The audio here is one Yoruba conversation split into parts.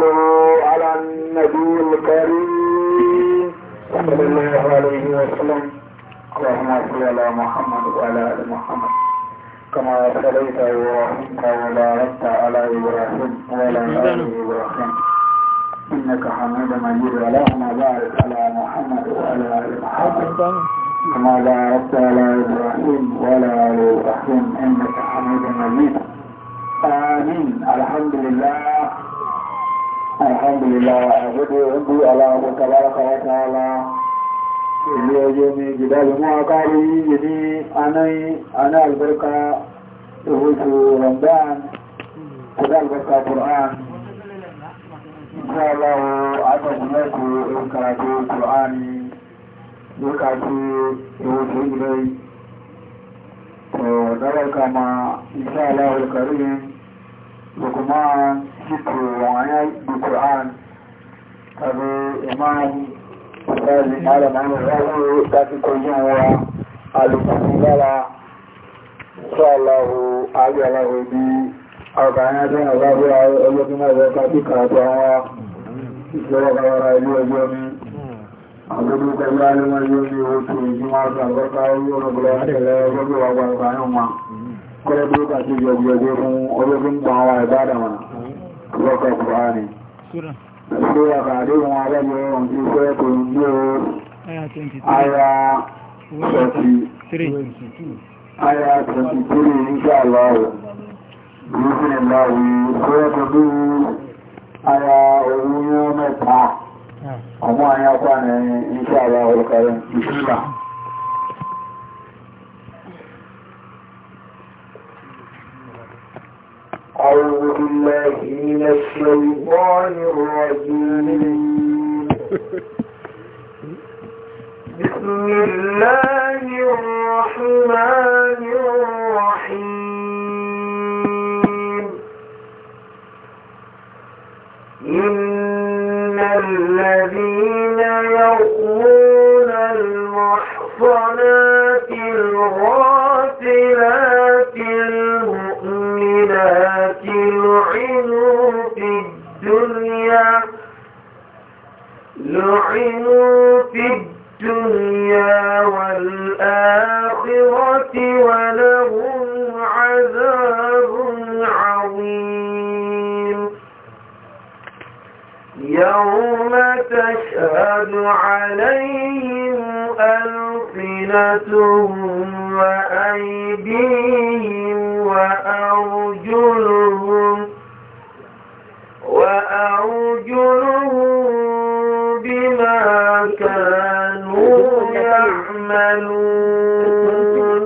على النبي الكريم صلى الله عليه وسلم اللهم صل على محمد وعلى ال محمد كما صليت ورحمت وباركت على ابراهيم وعلى ال ابراهيم انك حميد مجيد اللهم بارك على محمد وعلى ال محمد كما باركت على ابراهيم وعلى ال ابراهيم انك حميد مجيد امين الحمد لله alhamdulillah àgbẹ̀dẹ̀ ọ̀gbẹ̀ aláwọ̀ tàbárakà tààlà ilé ọjọ́ mi jìdálù mọ́ akárí yìí ní aná albarka ìwòsù ramadan kùdá albarka ƙùrán ìsáàláwọ̀ agbàgbùnẹ́kù ìkàtí ƙùrání ìkàtí ìwòsù ilẹ̀ to dabarka ma inṣáàláwọ̀ karim ذكر وعناية بالقرآن أبو إمام قال على معنى الرأي تاتي كل جمعة على الفضلة إن شاء الله أعلى الله بي أربعين دون أغابي أو أيضنا ذاتي كاتوا إسراء غير أيضا يومي أبدو كلا لما يومي وطول جمعة سنبقى ونبلا حتلا يومي وابا القانوما kọ́lọ́dúró kàtí yọ̀gbọ̀gbọ̀ fún ọlọ́gbọ̀n àwọn àìbádà wọn lọ́kọ̀ kùránì ṣúra kàdé wọn abẹ́lẹ̀ ọ̀rùn tí fẹ́ tó ń gbé o aya 23 aya 23 nígbà lọ́rọ̀ bíbí ìlàwí fẹ́ tó bí aya òun yóò ah. ọmọ ayápa ní ìṣàlá ọ̀rọ̀ kẹrin ìṣúra أعوذ بالله من الشيطان الرجيم بسم الله الرحمن الرحيم إن الذين يقولون المحصنات لعنوا في الدنيا والآخرة ولهم عذاب عظيم يوم تشهد عليهم ألقنتهم وأيديهم وأرجلهم وأرجلهم بما كانوا يعملون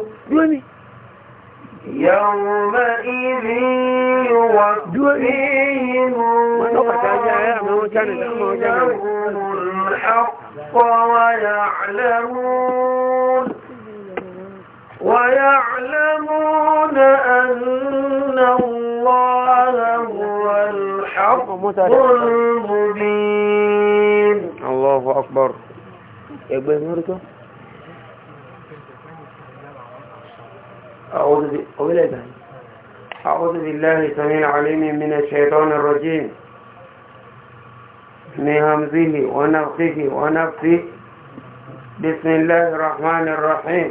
يومئذ يوفيهم ويعلمون الحق ويعلمون وَيَعْلَمُونَ أَنَّ اللَّهَ هو الحق المبين الله أكبر يقبل نورك أعوذ بالله أعوذ بالله السميع العليم من الشيطان الرجيم من همزه ونفخه ونفسه بسم الله الرحمن الرحيم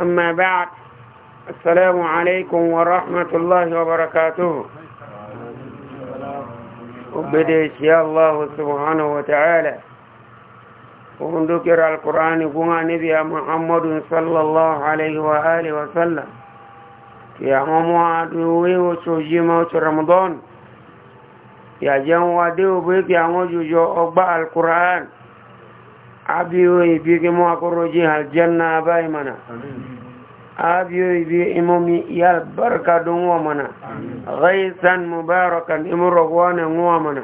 أما بعد السلام عليكم ورحمة الله وبركاته وبدأت يا الله سبحانه وتعالى وذكر القرآن قوى نبي محمد صلى الله عليه وآله وسلم في يا ممواد وشجيمة رمضان يا جنوى ديو بيك يا موجو جو أقبع القرآن abiyo ibi ke mo akoroji aljanna bai mana abiyo ibi imomi ya barka don wa mana ghaisan mubarakan imurogwana wa mana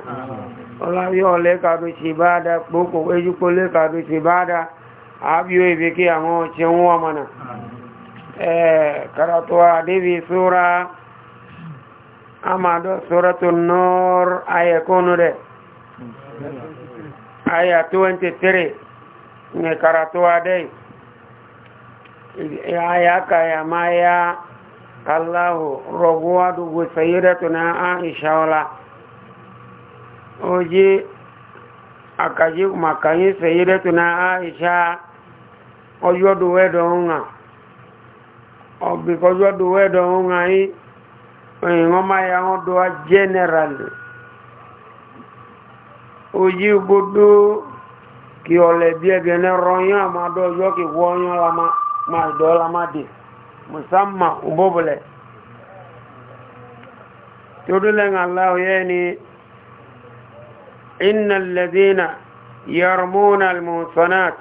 ola yo le ka do sibada boko eju ko le ka do sibada abiyo ibi ke awon che wa mana eh karatuwa devi sura amado suratun nur ayakunu ayat aya 23 mai karatuwa dai ya ya kaya ma ya allahu roguwa dubu sayyida tuna a ishawala oji a kaji makayi sayyida tuna a isha ojo duwe don ha obi kojo duwe don ha yi oyi ma ya won duwa generally oji gbogbo kí ọlẹ bí ẹgbẹ ní rọyìn àmàdọ yọ kí wọnyọ lama máa dọ lama dé musamma ubobulẹ todulẹ ń aláwọ yẹ ni inna lẹdínà yarmuna almusanat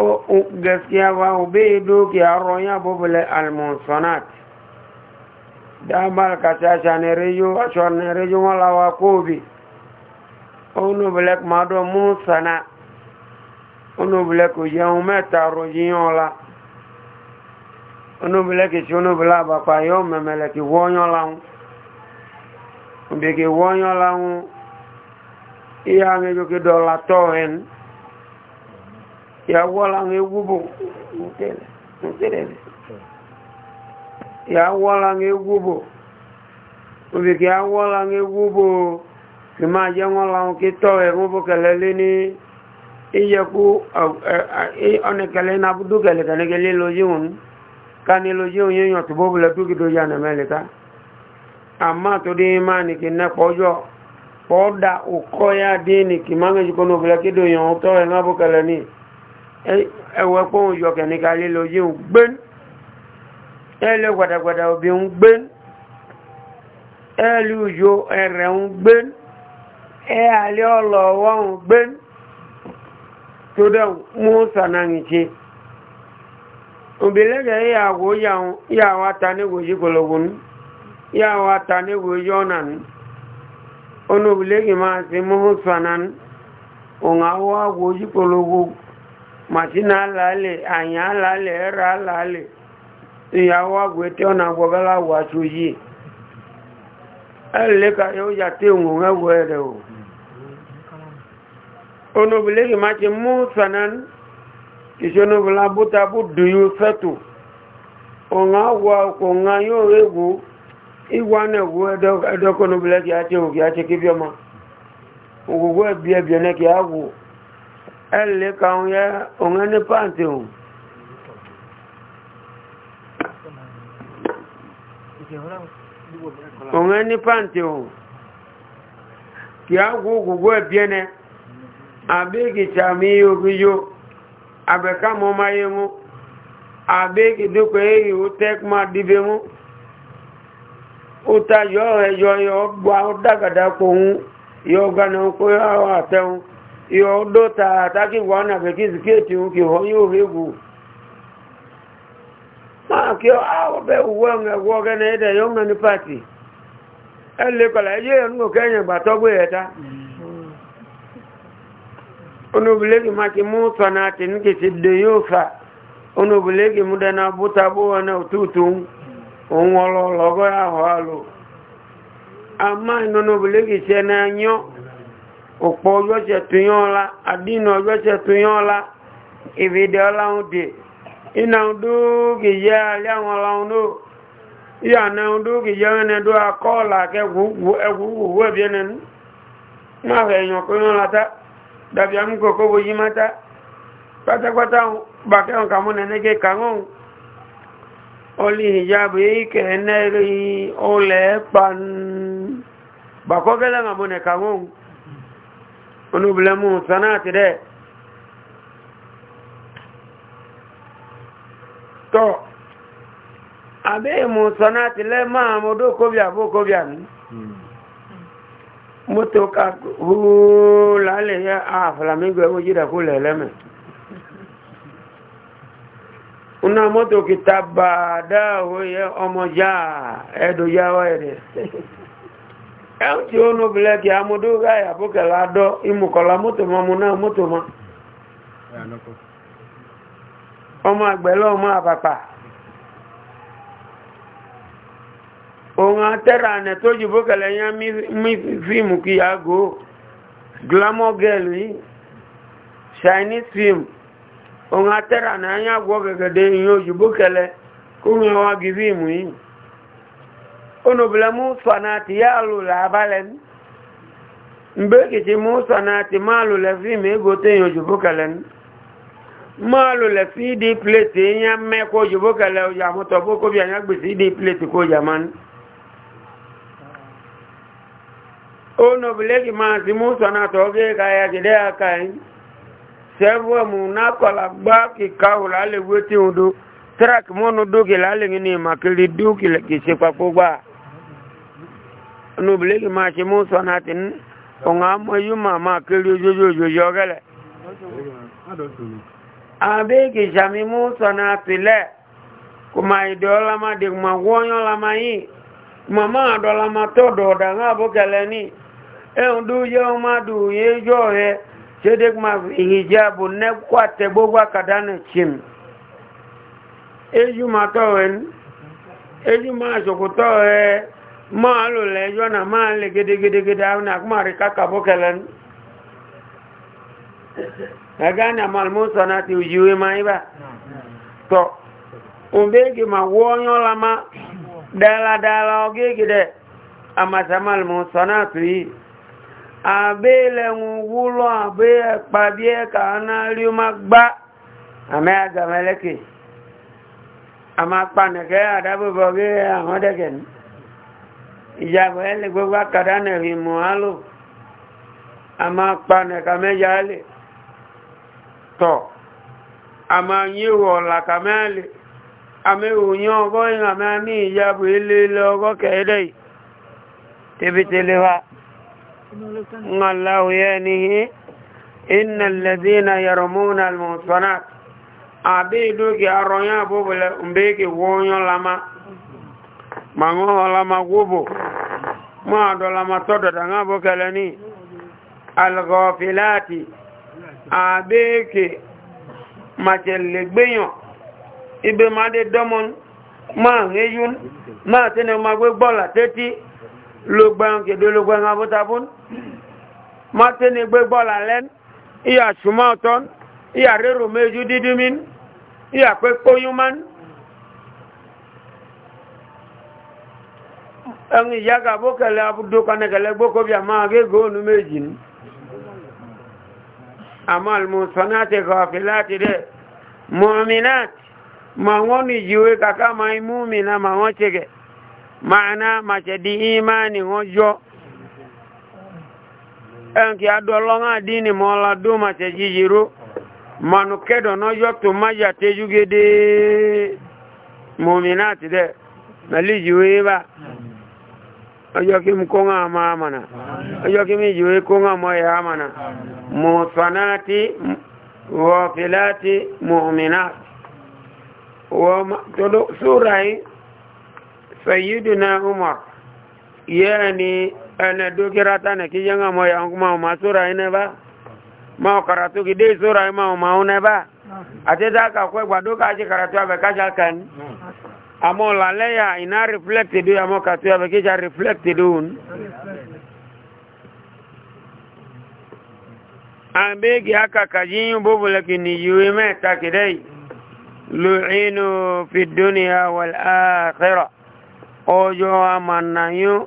o gaskiya ba ube dukiya rọyìn abobulẹ almusanat dábàlì kàtàṣà ní rẹjọ aṣọ ní rẹjọ wọn làwọn kóòbì onu bilek mado musana onu bilek ujeun meta rojiyan la onu bilek ti onu bila bapa yo memele ki woyan la un obeke woyan la un iya nge jo ki do to en ya wala nge gubu mutele mutele ya wala nge gubu obeke ya wala nge gubu kì máa jẹ́ wọ́n láwọn kí tọ́ ẹ̀rún bó kẹlẹ̀ lé ní iyẹ̀kú ọ̀nẹ̀kẹlẹ̀ iná dúkẹlẹ̀ kẹ̀lẹ́kẹ̀lẹ́ lójíhun ká ní lójíhun yíyàn tó bóbulẹ̀ dúkìdó yà nà mẹ́lẹ̀ta àmá tó dé máa ní kì ná pọ́jọ́ pọ́dà òkọ́ yá dé ní kì máa ń jùkọ́ nóbulẹ̀ kídó yàn tọ́ ẹ̀rún bó kẹlẹ̀ ní ẹwẹ́ pọ́hùn yọ kẹ̀lẹ́kẹ̀lẹ́ lójíhun gbé ẹlẹ́ gbàdàgbàdà òbí ń gbé ẹlẹ́ òjò ẹ̀rẹ̀ ń gbé ẹ àlẹ́ ọ̀lọ̀ wọ́n gbé tó dẹ̀ mú sànàrìnṣe òbílẹ̀gẹ̀ ìyàwó yàwó àtàníwòjì kòlògùn yàwó àtàníwòjì ọ̀nà ní onóbílẹ̀gẹ̀ máa sí mú sànàrìn òun àwọ́ àwòjì kòlògùn màtínà àlàálẹ̀ àyàn àlàálẹ̀ ẹ̀rà àlàálẹ̀ ìyàwó àgbẹ̀tẹ́ ọ̀nà ẹ̀lẹ́ka yóò òun ẹ̀wọ̀ ẹ̀rẹ̀ ono bile ma ci musanan ci ono bila buta bu duyu fetu o nga wa ko nga yo rebu iwane wo do do ko no bile ya ci o ya ci ki bioma o go go bia bia ne ki awu elle ka on ya o nga ne pante o o nga ne pante o ki awu go go bia abegicha ma ihe abeka ma ọma ihe mụ abegidokwa ehi utek ma dibe mụ ụta yọ ẹjọ yọ gba ahụ ta na beki ziketi mụ ki họnye ohegwu ma ki ahụ pati elekwala eje ya nnukwu enye gbatọgbu ya ta mm. onobulegi maki musa na tinki siddeyusa onobulegi mudana muda na buta ututu onwolo logo ya hwalu amma inonobulegi sena nyo opo ojo se tuyola adino ojo se tuyola ivide olahun de ina ndu giye ali awon olahun no iya na ndu giye ne do akola ke gugu egugu webienen ma fe yan ko yan lata dàbí amúkòkò wo yí mátá pátápátá bàkẹ́hùn kàmú nẹ́nẹ́gẹ́ kàrún olè ìjábò èyíkẹ́ ẹ̀nẹ́rí olẹ̀ pan bàkọ́gẹ́lẹ́ àmú nẹ̀ kàrún onúbìlẹ́mú sanáàtì rẹ̀ tọ́ àbẹ́ ìmú sanáàtì lẹ́ máa mọ́dó kóbíà bó moto ka huu lálẹ́ yẹ a flamingo ẹmọ jíra kó lẹ̀ lẹ́mẹ̀ una moto kita bàdá ò yẹ ọmọ já ẹ̀dọ̀ já wá ẹ̀dẹ̀ ẹ̀hún tí ó nù bilẹ̀ kí amúdó gáyà bókẹ̀lá dọ́ ìmùkọ̀lá moto ma mu náà moto ma ọmọ àgbẹ̀lọ́ ọmọ àpàpà òun atẹ́rà ànẹ̀ tó jù bókẹ̀lẹ̀ yán mí fíìmù kí yàgò glamour girl yìí chinese film òun atẹ́rà ànẹ̀ yàgò gẹ̀gẹ̀dẹ̀ ìyàn òjù bókẹ̀lẹ̀ kó ń yàn wá gí fíìmù mgbe kìtì mú sọ̀nàtì máa lò lẹ̀ fíìmù égò téèyàn òjù bókẹ̀lẹ̀ ní máa fidi plate yẹn mẹ́kọ̀ òjò bókẹ̀lẹ̀ òjò ono bileki maasi musa na toge ka ya kide akai sevo munako la baki kaula ale weti udu trak mono duki la ale ngini makili duki le kisepa kuba ono bileki maasi musa na tin onga moyuma makili jojojo yogele abe ki jami musa na pile kuma idola ma dik ma wonyo la mai mama adola ma todo da ngabo keleni ẹ̀hùn dú yẹ́ ọmọ adù yẹ́ yọ́ rẹ ṣédé máa ìhìjẹ́ àbò nẹ́kọ́ àtẹ̀gbógbó àkàdánù chim ejú máa tọ́ rẹ ní ejú máa ma rẹ máa lò lẹ́jọ́ náà máa lè gédégédégédé àwọn àkúmàrí kákàbó kẹlẹ́ ní ẹ̀gá ti abele ŋuwulɔ abe ekpabie kanali ma gba ame a ama kpaneke adabebɔ ge ahɔn deke nu ìjàgbɔ ele gbogbo akada nẹri mu alo ama kpaneke amedza ele tɔ ama nyiwɔ la kame ele ame wònyɛ ɔgɔ yin ame ani ìjàgbɔ ele le ɔgɔ kɛ ɛdɛ الله يانه إن الذين يرمون المحصنات عبيدوك أرنيا بوبل أمبيك وونيو لما مانغو لما غوبو ما دو لما تودو دنغابو كالني الغافلات عبيك ما تلقبينيو ibe ma de domon ma ngeyun ما tene ma gbe gbola teti lo gba nke do lo gba ngabota bun matene gbe bọ́ọ̀lù alẹ́ ìyà súnmọ́ ọ̀tọ́ ìyà rérò méjú dídí mi ìyà pé kóyún mọ́ ẹ̀rùn ìyá gàbó kẹlẹ̀ abúdó kanẹ̀kẹ̀lẹ̀ gbókòbí àmọ́ agégó ònú méjì ní àmọ́ àlùmọ̀sán láti kọfí láti rẹ̀ mọ̀mìnáàtì ma wọ́n ní ìjìwé kàkà máa imú mi náà ma wọ́n ṣe gẹ̀ máa náà màṣẹ̀dí ìmáà ni wọ́n jọ́ enki adolonga dini mola duma te jijiru manu kedo no yoktu maja te jugede muminati de nalijiwe ba ojo kim konga ma amana ojo kim jiwe konga mo ya amana musanati wafilati muminat wa todo surai sayyidina umar yani ene dukira tane kijanga moya angu mau masura ine ba mau karatu kide sura mau mau ne ba ateza ka kwe kwa duka aje karatu abe kaja kan amo la leya ina reflected du amo karatu abe kija reflected un ambegi aka kajinyu bubule kini yuwe me takidei lu'inu fi dunya wal akhirah ojo amannayu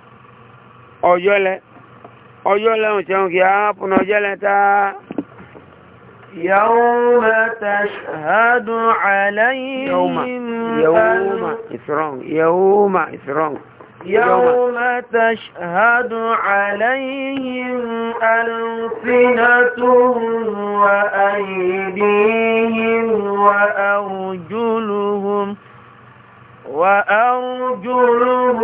ọjọ́lẹ̀ ọjọ́lẹ̀ òṣèun kí a pùnà ọjọ́lẹ̀ táa يوم تشهد عليهم يوم إسران يوم إسران يوم تشهد عليهم ألسنتهم وأيديهم وأرجلهم وأرجلهم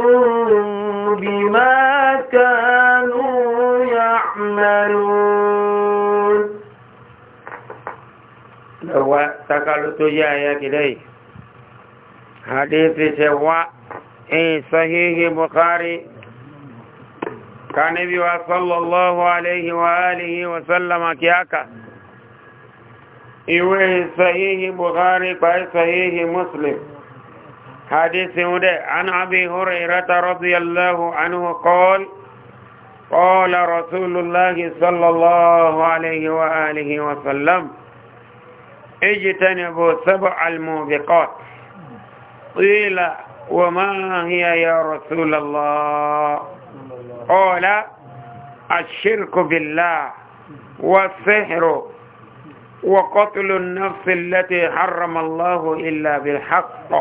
بما كانوا يعملون لو تقلت يا يكلي حديث سواء صحيح بخاري كان نبي صلى الله عليه وآله وسلم كياكا إيه صحيح بخاري فهي صحيح مسلم حديث هدى عن أبي هريرة رضي الله عنه قال قال رسول الله صلى الله عليه وآله وسلم اجتنبوا سبع الموبقات قيل وما هي يا رسول الله قال الشرك بالله والسحر وقتل النفس التي حرم الله إلا بالحق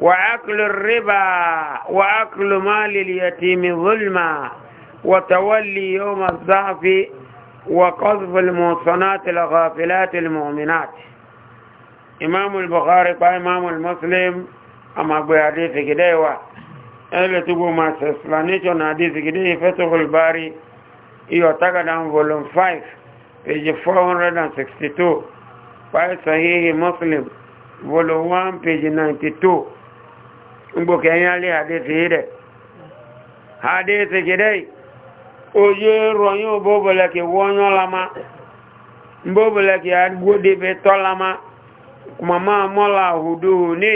وأكل الربا وأكل مال اليتيم ظلما وتولي يوم الضعف وقذف المحصنات الغافلات المؤمنات إمام البخاري إمام المسلم أما بحديث كده اللي تبو ما سسلانيتون حديث كده فتح الباري يعتقد عن فولوم 5 page 462 قال صحيح مسلم فولوم 1 page 92 ngbo kẹnyà lè hadithi yìí rẹ̀ hadithi kìdẹ̀ oye ìròyìn o bóbulẹ̀kì wọ́nyọ́ lama bóbulẹ̀kì agbódebe tọ́ lama kuma ma mọ́la hudu ni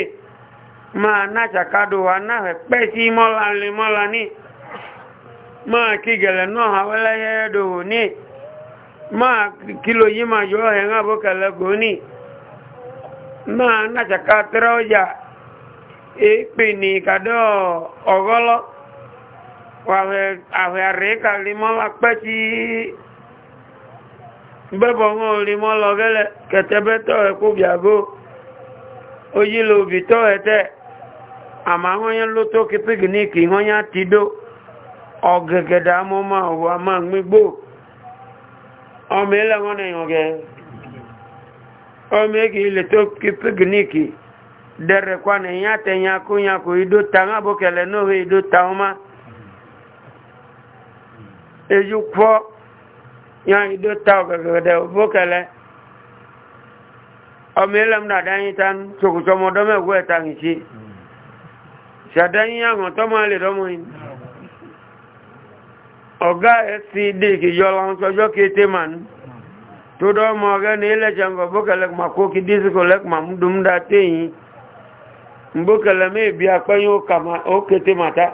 ma nacha kadu wa na pẹ́ sí mọ́la lè mọ́la ni ma kí gẹ̀lẹ̀ náà hawẹ́lẹ́yẹ́ do ni ma kilo yi ma yọ ẹ̀ ń abókẹ̀lẹ̀ go ni ma nacha ka tẹ́rọ ọjà èépè ní ìkàdọ́ ọ̀gọ́lọ́ àwẹ̀ àríkà límọ́ lápẹ́ tí bẹ́bọ̀ wọn límọ́ lọ gẹ́lẹ̀ kẹtẹ́bẹ́tọ̀ ẹkú bìàgó oyílò òbítọ́ ẹ̀tẹ́ àmà wọ́n yẹn ló tó kí píkìníkì wọ́n yá ti dó ọ̀gẹ̀gẹ̀dà mọ́ máa wà máa gbígbó ọmọ ilẹ̀ wọn nìyàn gẹ̀ ọmọ èkì ilẹ̀ tó kí píkìníkì dere kwane nyate nyaku nyaku ido tanga bokele no ido tauma ya ido tauga gede bokele omelem na dani tan soku somo do me we tangi ya ma le do moin oga fcd ki man to do mo ga le ma ko ki ma da mgbe okeleme bi akpanye ụka ma o kete mata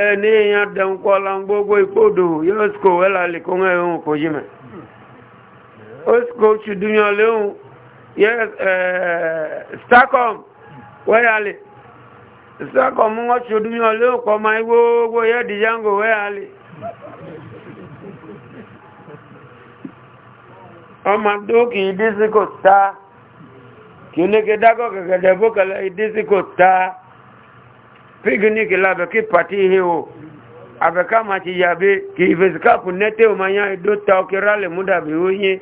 ee n'ihi ya dị nkwọla mgbe ụgwọ ikpodo ya osko wela likonwe ewu kojime osko chudunyole ewu ya stakom weyali stakom nwa chudunyole ewu kọma igbogbo ya dị jango weyali ọmọdé kìí dísíkò sáà kìíní dágọ́ gẹ̀gẹ̀dẹ̀ bókẹ̀lẹ̀ ko ta picnic lábẹ̀ kí pàtí ihe o àbẹ̀ká ma ti yàbé kì ìfèsìkáàpù nẹ́tẹ́ ma ìdó ta ọkẹ rálẹ̀ múdàbí óyé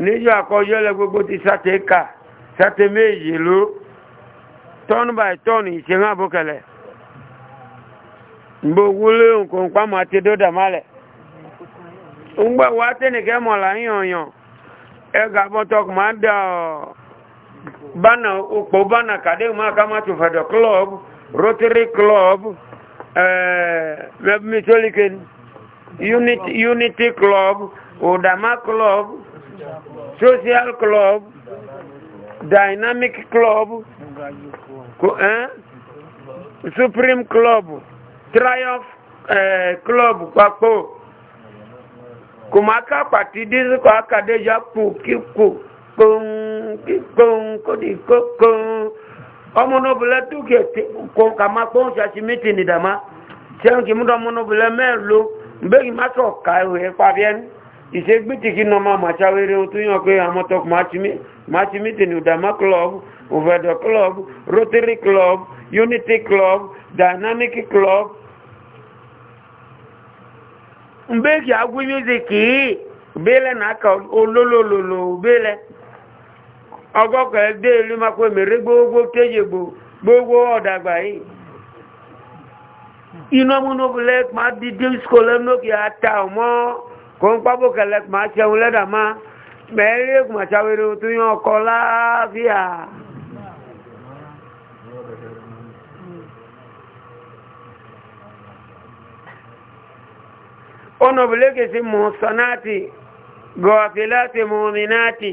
akọ àkọjọ́lẹ̀ gbogbo ti sátẹ́ kà sátẹ́ méjì ló turn by turn ìṣẹ́hàn bókẹ̀lẹ̀ gbogbo lóhùn kò ń pàmò àti dódà málẹ̀ mọ̀ dà ọ́ bana upo bana kadema kama tufado club rotary club eh mitoliken unit unity club odama club social club dynamic club eh supreme club triumph eh club kwapo kumaka pati disco akadeja ku kiku kpọnkọdịkọkọn ọmụnụbụla tukẹ kọkàmá kpọn ṣàṣì mítì nìdàmá ṣẹ́n kì múdọ̀ ọmụnụbụla mẹ́rùlú mbẹ́gì má tọ̀ ká ìwé pàbíẹ́nu ìṣègbìtìkì nọmọ màṣáwéré tó yàn pé àmọ́tọ́ màṣí club ovedo club rotary club unity club dynamic club music n'aka ololololo ọgọ́kọ̀ ẹgbẹ́ ìlú máa pẹ́ mẹ́rẹ́ gbogbo kéje gbogbo ọ̀dàgbà yìí iná múnúbulẹ̀ máa di díṣkò lẹ́nókè ata ọmọ kò ń pábò kẹlẹ̀ máa ṣẹun lẹ́dà máa mẹ́rẹ́ kùmàṣàwẹ̀rẹ̀ tó yàn ọkọ̀ láàáfíà ọ̀nà òbílẹ̀kẹ̀ sí mọ̀ sọ́nàtì gọ̀ọ̀fẹ́ láti mọ̀ mìnàtì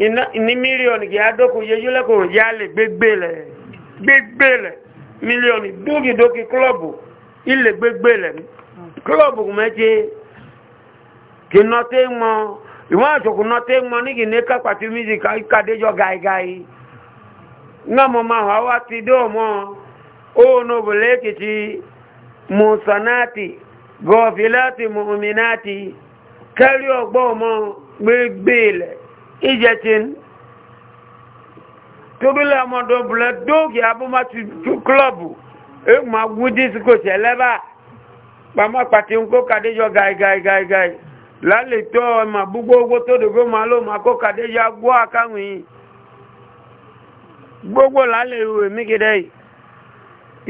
ní mílíọ̀nù kìí adókò yẹjú lẹ́kọ̀ọ́ yá lè gbégbélẹ̀ gbégbélẹ̀ mílíọ̀nù dókìdókì klọ́ọ̀bù ilẹ̀ gbégbélẹ̀ klọ́ọ̀bù mẹ́tẹ́ kì nọ́tẹ́ mọ́ ìwọ́n àtòkù nọ́tẹ́ mọ́ ní kìí kápàtí music kàdéjọ gàígàí ńgbàmọ́ máa wá wá ti dé ọmọ òun òbòlé kìtì mùsànáàtì gọ̀ọ̀fìláàtì mùmìnáàtì kẹ́rí ọgbọ́ ọmọ gbégbélẹ̀ ijetin tobile ọmọdé bule dóògì abúmọ́tì klọ́bù klọb wúdí síkò tẹ́lẹ́bà pàmọ́ pàtí ń kó kàdéjọ gàìgàìgàì lálẹ́ tó ọmọ gbogbo owó gbogbo lálẹ́ ìwé mi kéde yìí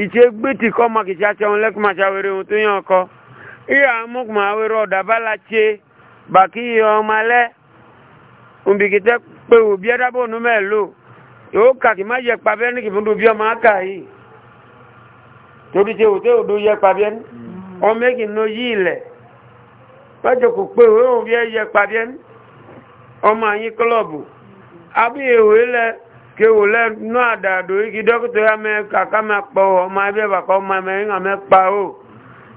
ìtì gbìtì kọ́ ọmọ kìtì àtẹ̀wọ̀n lẹ́kùnmọ̀ àṣàwẹ̀rẹ̀ ohun tó yàn ọkọ ìyá amúkùnmọ̀ umbikite pe ubia dabo numelu yoka kima ye pabeni kibundu bia maka yi tobi te ote odo ye pabeni mm. o meki no yile pajo ku pe o bia ye pabeni o ma yin club abi ewele ke wole no ada do igi dokto ya me kaka ma po o ma be ba ko ma me nga me pa o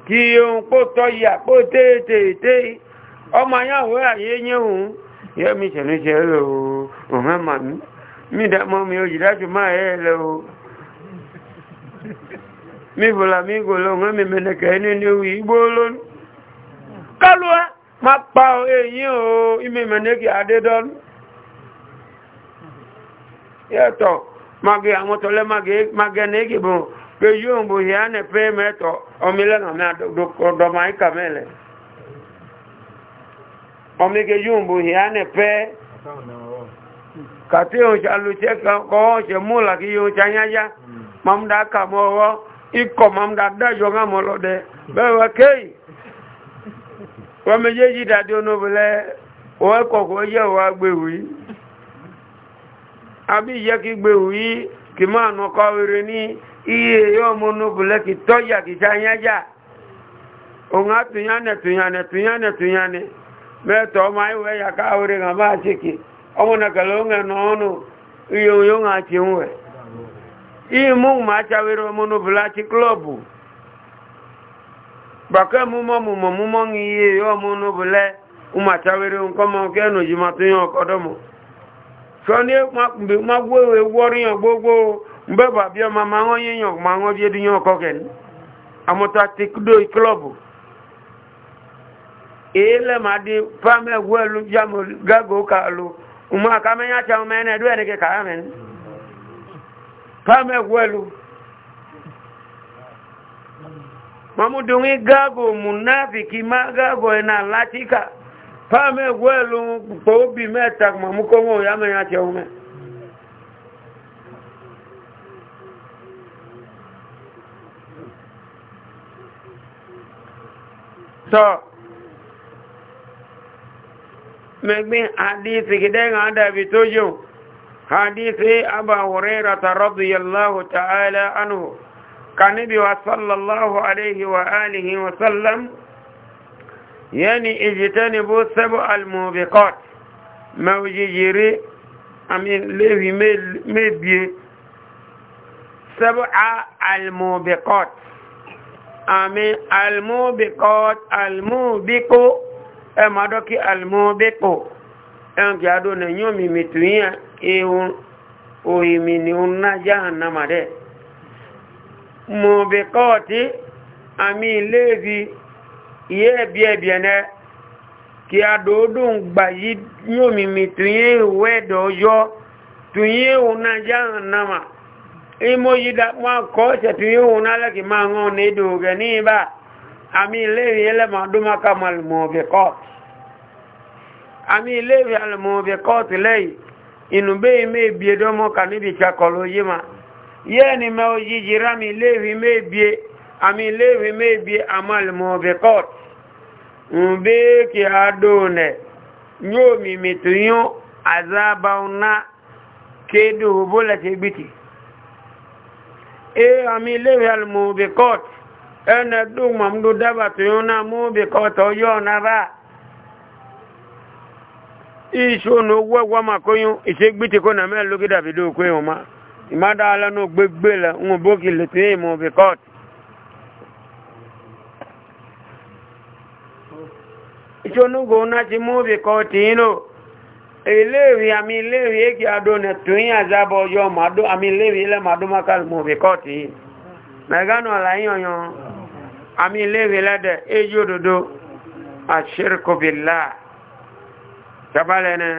ki o ko to ya ko te te te o ma ya wo aye yin hun yẹ́ mi ṣẹ̀lú ṣe ẹ́ lò òun àmà mi mi dámọ́ mi òjì dájú máa ẹ́ lò ó mi fòlà mi gòlò òun mi mẹ́nẹ̀kẹ́ nínú ìwì igbó lónìí kálùwá ma pa èyí o imi mẹ́nẹ̀kẹ́ adédọ́nù yẹ́tọ̀ magi àwọn tọ́lẹ́ magi ẹnẹ́gì bò pé yóò bò yẹ́ á nẹ̀ pé mẹ́tọ̀ ọmọ ilẹ̀ nà mẹ́ àdọ́mọ́ ìkà mẹ́lẹ̀ ọmọge yóò bò hìá nẹ pẹ́ kàtí òun ṣàlùṣẹ́ kọ́ ọ̀ṣẹ̀ mú làkí mamda kà mọ́ ọwọ́ ikọ̀ mamda dájọ́ ká mọ́ kí gbèwù yìí kì máa nù kọ́ wẹ̀rẹ̀ ní iye ọmọ onóbulẹ̀ kì tọ́jà kì ṣanyájá òun á tùyánẹ̀ tùyánẹ̀ mẹ́tọ̀ ọmọ ayúwẹ́ yà káàwèrè nà máa ṣe kì ọmọ nàkàlẹ̀ ó ngẹ̀ nọ́ọ̀nù iye oyó ń àti ń wẹ̀ ihe mú ma ṣàwérè ọmọ nobìlá ti klọ́ọ̀bù bàkẹ́ mú mọ́ ń iye ọmọ ń ma ṣàwérè nǹkan mọ́ kẹ́nu yìí máa tún ile madi pame gwelu jamu gago kalu uma kama nya cha umene dwe nike kamen pame gwelu mamu dungi gago munafiki ma gago ina latika pame gwelu pobi meta mamu komo ya nya cha ume so مجمع حديث عند أبي توجو، حديث أبا هريرة رضي الله تعالى عنه كان نبي صلى الله عليه وآله وسلم يعني اجتنبوا سبع الموبقات موجيجيري أمين ليه مبي سبع الموبقات أمين الموبقات الموبقو ẹ máa dọ́kí àlùmọ́ bẹ́pọ̀ ẹ̀hùn kí adó nà yóò mímì tù yíyà ehun òhìmì ni òun náà já hàn náà mà dẹ́ mọ̀ bẹ́kọ́ ọ̀tí àmì ilé ìyẹ́ ẹ̀bí ẹ̀bí ẹ̀nẹ́ kí adó dùn gbà yí ẹ̀dọ̀ àmì iléèwé ẹlẹ́mọ̀ ọdúnmọ́ká mọ̀lùmọ̀ọ́bẹ̀ kọ́ọ̀tù àmì iléèwé alùmọ̀ọ́bẹ̀ kọ́ọ̀tù lẹ́yìn ìnùbẹ́ ìmẹ́ ìbí ẹdọ́mọ́ka níbi ìṣàkọ̀lọ̀ yé ma yẹ́ ni mẹ́ òjijì rámi iléèwé mẹ́ẹ̀bí àmì iléèwé mẹ́ẹ̀bí àmàlùmọ̀ọ́bẹ̀ kọ́ọ̀tù ǹbẹ́ kí a dóònẹ̀ yóò mìmì tó e àmì iléèwé alùmọ̀ọ́bẹ̀ kọ́ọ̀tù ẹnẹ dùn mọ̀mdù dábà tó yún náà mú bí kọ́tọ̀ yọ́ náà bá ìṣòro owó máa kó yún ìṣègbìtì kó nà lókè dàbí kó ma ìmádà alánú gbégbé lẹ ń bókì lè tún ìmọ̀ bí kọ́t ìṣòro gò náà ti mú bí kọ́t yín lò iléèwé àmì iléèwé èkì àdó nà tó yín àzábọ̀ yọ àmì iléèwé lẹ́màdó mákàlù mú bí ọ̀yàn. àmì iléèwé lẹ́dẹ̀ èyí òdòdó àṣírìkòbìlá tàbálẹ́nà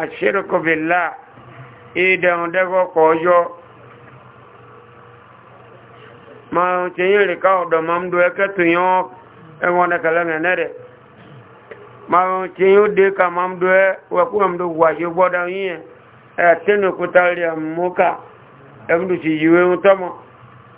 àṣírìkòbìlá ìdẹ̀hùn dẹ́gọ́kọ̀ ọjọ́ ma ti yí ríká ọ̀dọ̀ ma ń do ẹkẹ́tù yán ẹwọ́n ẹkẹlẹ́mẹ̀ẹ́nẹ́rẹ̀ ma ti yí dé ka ma ń do ẹ wẹ́kú ẹ̀mdó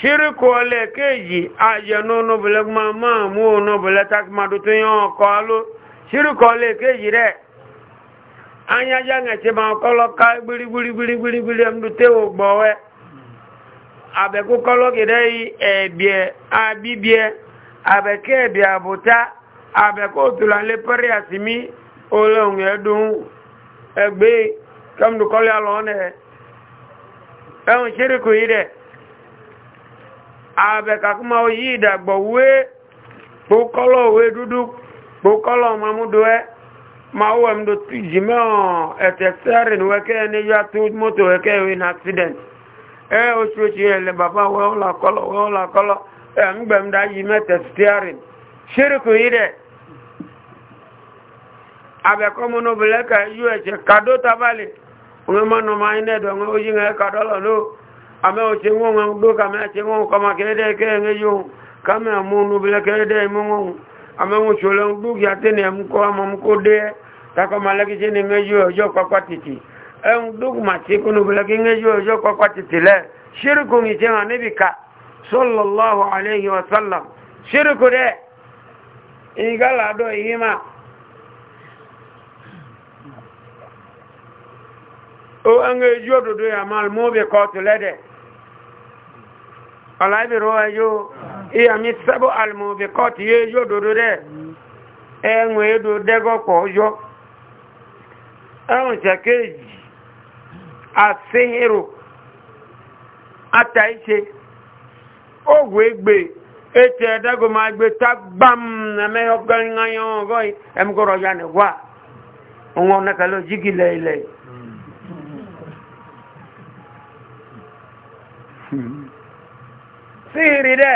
ṣíríkù ọlẹ́ kéèjì ayẹnú onóbìlẹ̀ máa mú onóbìlẹ̀ takimadu tó yán ọkọ̀ aló ṣíríkù ọlẹ́ kéèjì rẹ̀ anyájá ẹ̀ṣẹ́ máa abe ká gbírígbírígbírígbírí ẹmúdú téwò gbọ́wẹ́ àbẹ̀kú kọ́lọ́ kìdẹ́ ẹ̀bìẹ̀ abíbíẹ̀ àbẹ̀kẹ́ ẹ̀bìẹ̀ àbúta àbẹ̀kú òtùlálẹ́ pẹ́rẹ́ àsìmí olóhùn ẹ̀dùn abẹ kakuma oyi ìdàgbọ we kpokọlọ wé dúdú kpokọlọ mamudu ẹ mawu ji jimẹ ọ ẹtẹ sẹrin wẹkẹ ẹnẹyọ atu moto wẹkẹ ẹwẹ na accident ẹ oṣooṣi ẹlẹ baba wẹ ọlà kọlọ wẹ la kọlọ ẹ ńgbẹmdá yìí mẹtẹ sẹrin ṣírìkù yi dẹ abẹ́kọ́mọ́ ní ame oche ngonga do kame ache ngonga kama kede kenge yo kame amunu bila kede mungu ame muchole ndugi atene amko ama mkode tako malaki jene ngejo yo kwa kpakpa titi e ndugu machiku nubila kingejo yo kwa kpakpa titi le ka ngichenga nibika sallallahu alayhi wa do o an eju ododo ya mal mo be ko to lede ala bi ro ayo mi sabo al mo be ko ti ododo de e nwe edo de go po yo e, awon se keji asihiru ata egbe ete dago ma gbe ta bam e, na me yo gan sihiri dɛ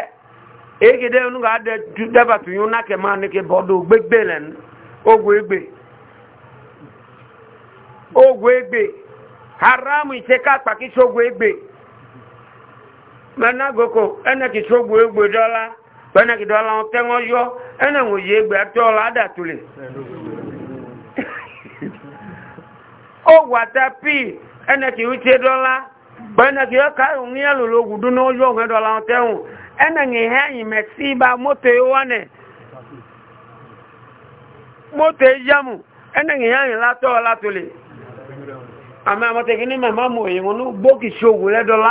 eke dɛ nu ka dɛ tu tu yun nakɛ ma ne ke bɔ gbegbe lɛ nu egbe ogo egbe haramu ise ka kpa ki sogo egbe mɛ nago ko ki sogo egbe dɔ la bɛnɛ ki dɔ la ŋɔ tɛŋɔ yɔ ɛnɛ egbe atɔ la ada tu le ogo ata ki witse bẹ́ẹ̀ni kí ọkà òun yẹ lòlò ògùdú ní ojú ọ̀gá dọ̀la ọ̀tẹ́hùn ẹnẹ̀gì hẹ́ ìmẹ̀ sí ibà mọ́tò ìwọ́nẹ̀ mọ́tò ìjẹ́mù ẹnẹ̀gì hẹ́ ìyìn látọ́ látòlè àmì àmọ́tẹ́kì ní mẹ́mọ́ mọ̀ èèyàn ní gbókì ṣòwò lẹ́dọ̀lá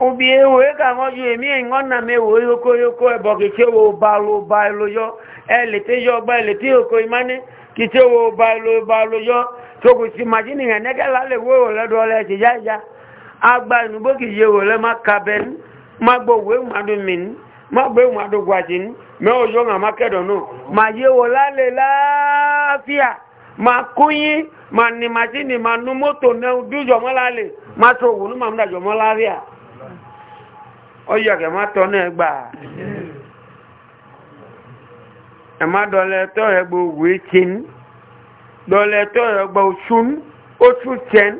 ubi ewo eka ngoju emi ngo na mewo yoko yoko ebo kiche wo balo balo yo ele te yo ba yoko imani kiche wo balo balo yo majini la le wo do agba ma ma gbo ma ma gbe ma do gwajin me o ma ma ye wo la le laafia ma kunyi ma ni majini ma nu ma to ọyọ kẹ má tọ́ náà gbà ẹ má dọ̀lẹ́ tọ́ ẹ gbọ́ wé tsin dọ̀lẹ́ tọ́ ẹ gbọ́ sun ó tún tsẹn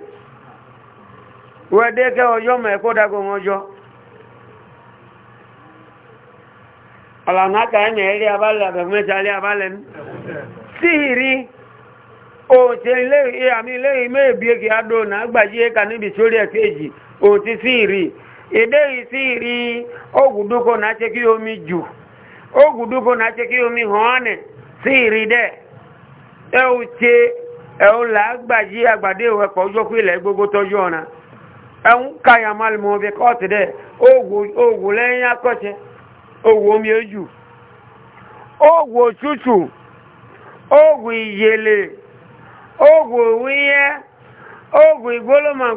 wọ́n dé kẹ́ ọjọ́ mọ̀ ẹ́ kó dàgbọ́ wọn jọ. alamaka ẹ̀nà ẹ̀rí abálẹ̀ àbẹ̀mẹ́ta alẹ́ abálẹ̀ ní síhìrí òtí ilé àmì ilé ìmẹ́ ìbí èkì adó náà gbàjí ẹka níbi sórí ẹ̀kẹ́jì òtí síhìrí ede isi iri ogu ogwuduko na acheki omi ju ogwuduko na acheki omi hone si iri de e uche e ụlọ agbaji agbade wepụ ojokwu ile egogo tojo ona e nka ya mali ma obi de ogwu lenye akoche ogwu omi oju ogu ochuchu ogu iyele ogu ihe ogwu igbolo ma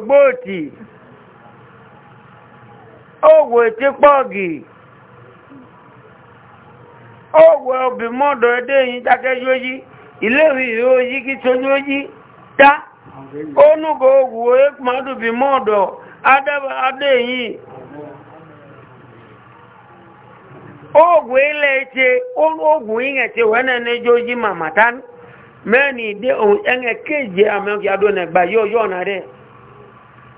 ogwe tikpọ gị ogwe obi mọdọ ede yi takeju oji ilewi oji kitoju oji ta onugo ogwe ekpadu bi mọdọ adaba ade yi ogwe ile eche ogwe inyeche wee na-eneje oji ma matan mee na ide enye keji amegị adọ na egba ya oyo na re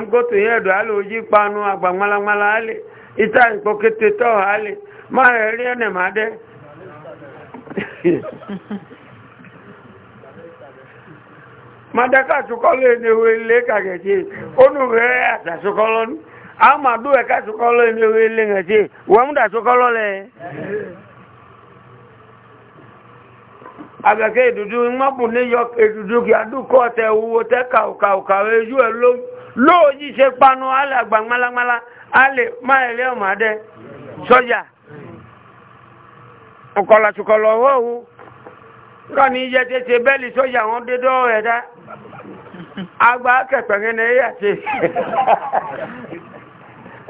mgoto ihe du ala oji kpanu agba ngwalangwala ali ita ikpokete tọha ali ma eri ene ma de madaka sukọlọ enewe ile kageje onu re ata sukọlọ amadu eka sukọlọ enewe ile ngeje wọmuda sukọlọ le. agake ìdúdú mọ́pù níyọ ìdúdú kí adúkọ́ tẹ owó tẹ kàùkàùkàwé ojú ẹ̀ ló lóòjì ṣe panu alẹ́ àgbà ńláńlá alẹ́ máa ẹ̀lẹ́ ọmọ adẹ́ sọ́jà ọ̀kọ̀làṣùkọ̀lọ̀ owó òwú rọ̀ ní iye tètè bẹ́ẹ̀lì sọ́jà wọn dédọ́ ẹ̀dá agba kẹ̀pẹ̀rẹ́ ní ẹ̀yà tè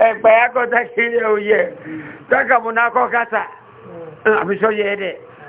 ẹ̀pẹ̀ akọ́ta kiri ẹ̀òyẹ̀ tẹ́kàmùnà kọ́ kásà àbísọ́yẹ̀ ẹ̀dẹ̀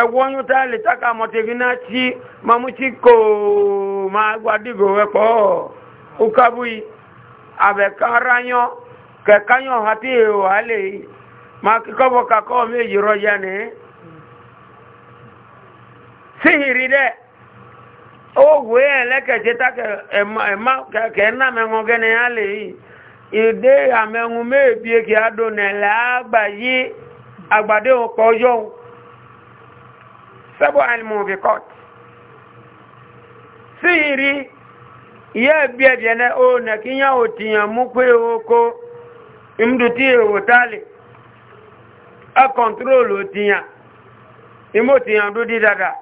ẹ̀wọ́ yún tá lè tákà mọ̀tẹ̀rí náà tí ma tí kò máa gbadìgò ẹ̀pọ̀ ọkàbùi àbẹ̀káráyán kẹkáyàn àti èrò àlè máa kíkọ́bọ̀ kakọ́ méjì rọjá ní síhìrì dẹ́ owó ẹ̀ lẹ́kẹ̀ẹ́ tákẹ̀ ẹ̀má kẹ̀kẹ́ náà mẹ́wọn gẹ́ni àlè yìí á àgbà سبع الموبقات sihiri ya biya jene o na kin ya otiyan mu pe ko imdu ewo a do di dada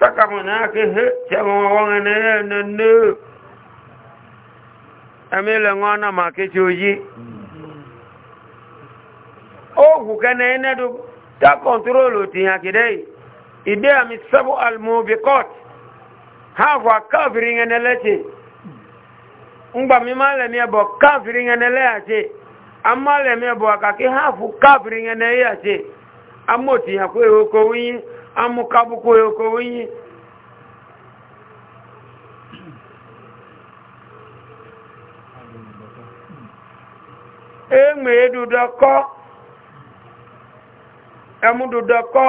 taka na ke he ngona ma ke joji o gu kana ene do ta control otiyan ide ami sabu almubikot hafu a kafiri ŋenele ce ngba mi ma lemi ebo kafiri ŋenele ya ce amma lemi ebo akaki hafu kafiri ŋenele ya ce amma otiya ko ewo ko winyi amma kabu ko ewo ko winyi enwe edudo ko emududo ko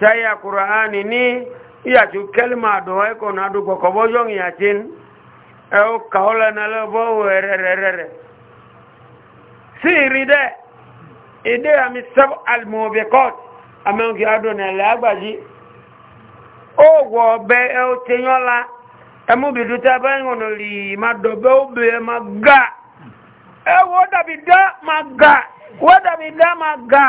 saya Quran ini ya ju kelma doa e ko na du ko ko bojong ya tin e o ka ola na le bo re re re re siri de ide ami sab al mubiqat amon ki ado na la agbaji o wo be e o teyan e mu bidu ta ba ngono li ma do be o be ma ga e wo da bi da ma ga wo da bi da ma ga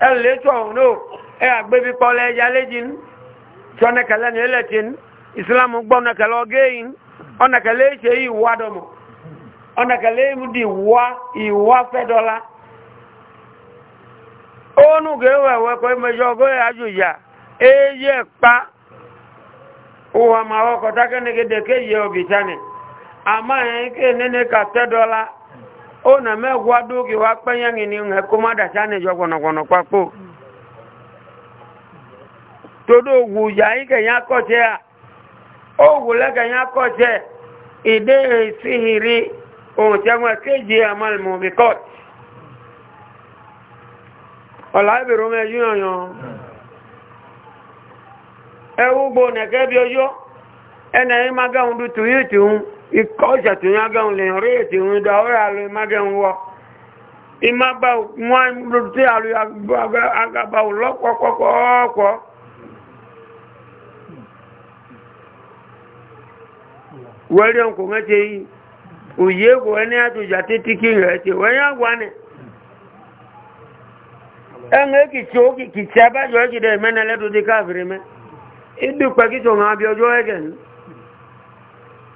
ẹlẹ́tọ̀ ọ̀hún náà ẹ àgbébí pọ́lẹ̀ ẹja léjìn tí ọ̀nàkẹ́lẹ́ ní ẹlẹ́tìn ìsìlámù gbọ́ ọ̀nàkẹ́lẹ́ ọgẹ́yìn ọ̀nàkẹ́lẹ́ ṣe ìwà dọ̀mọ̀ ọ̀nàkẹ́lẹ́ ìmúdi ìwà fẹ́dọ́lá o nà mẹ́wàá dókè wá pẹ́yẹ́ngì ni ẹ̀ kó má dàṣà níjọ gbọ̀nàgbọ̀nà papò todo wù yàí kẹ̀yìn akọ́ṣẹ́ à ó wù lẹ́kẹ̀yìn akọ́ṣẹ́ ìdé ohun tẹ́wọ̀n kéjì àmàlùmọ̀mí court ọ̀là ìbèrò mẹ́jú yànyàn ẹwú gbò nẹ̀kẹ́ bí ọjọ́ ikọ̀ ọ̀ṣà tó yán lè rí ètì ìrìn dá ọ̀rẹ́ àlọ́ ìmágẹ̀hùn wọ ìmá bá wọ́n lórí àlọ́ agaba lọ́pọ̀pọ̀pọ̀ wẹ́rẹ́ ọkọ̀ mẹ́tẹ̀ yìí òye kò ẹni àtòjà títí kí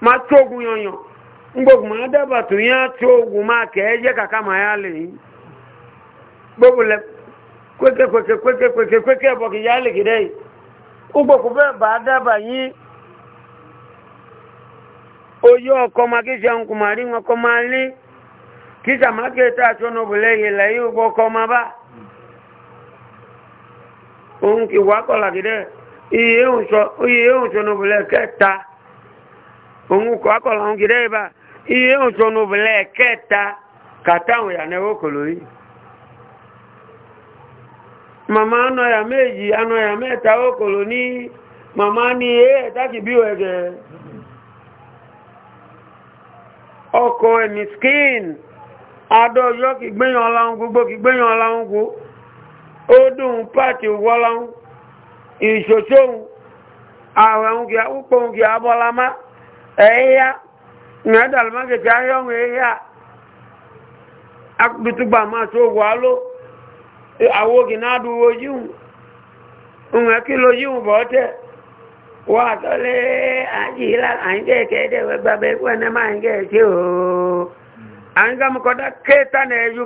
ma tó ogun yọnyọ mgbogbo ma dábà tó yá tó ogun ma kẹ́ẹ́ jẹ́ kàkà ma ya lè yìí gbogbo kweke kweke kweke kweke kweke ẹ̀bọ̀ kì yá lè kìdẹ́ yìí gbogbo kò bẹ́ẹ̀ bá dábà yìí ọkọ ma kí ṣe nkùnmá rí wọn kọ́ máa lé kí sàmákè tá a tó nobulẹ̀ yìí lẹ́yìn gbogbo ọkọ ma bá òun kì wá kọ̀ làkìdẹ́ iye òun kọ́ akọ̀lọ̀ òun kìdẹ́ ihe iye òtọ́nu bẹ̀lẹ̀ kẹta ya ìyànà ẹwọ́ yi mama anọ ya meji anọ ya ó okolo ni mama n'ihe ẹ̀ tàkì bí ẹ̀gẹ̀ skin adọ́jọ́ kì gbẹ́yàn ọláhun gbogbo kì ẹ̀yà ní àdàlùmákèkè ayọ́rùn ẹ̀yà akùtùgbà máa tó wà ló àwògì náà dúró yíhùn ohun ẹ̀kí ló yíhùn bọ́ tẹ́ wà tọ́lé àjíhìlá àyíkẹ́ẹ̀kẹ́ ẹ̀dẹ̀wẹ̀ gbàbẹ̀ ẹ̀kú ẹ̀nẹ́ máa ń gẹ̀ ṣe ooo àyíkàmùkọ́dá kéta náà ẹ̀yú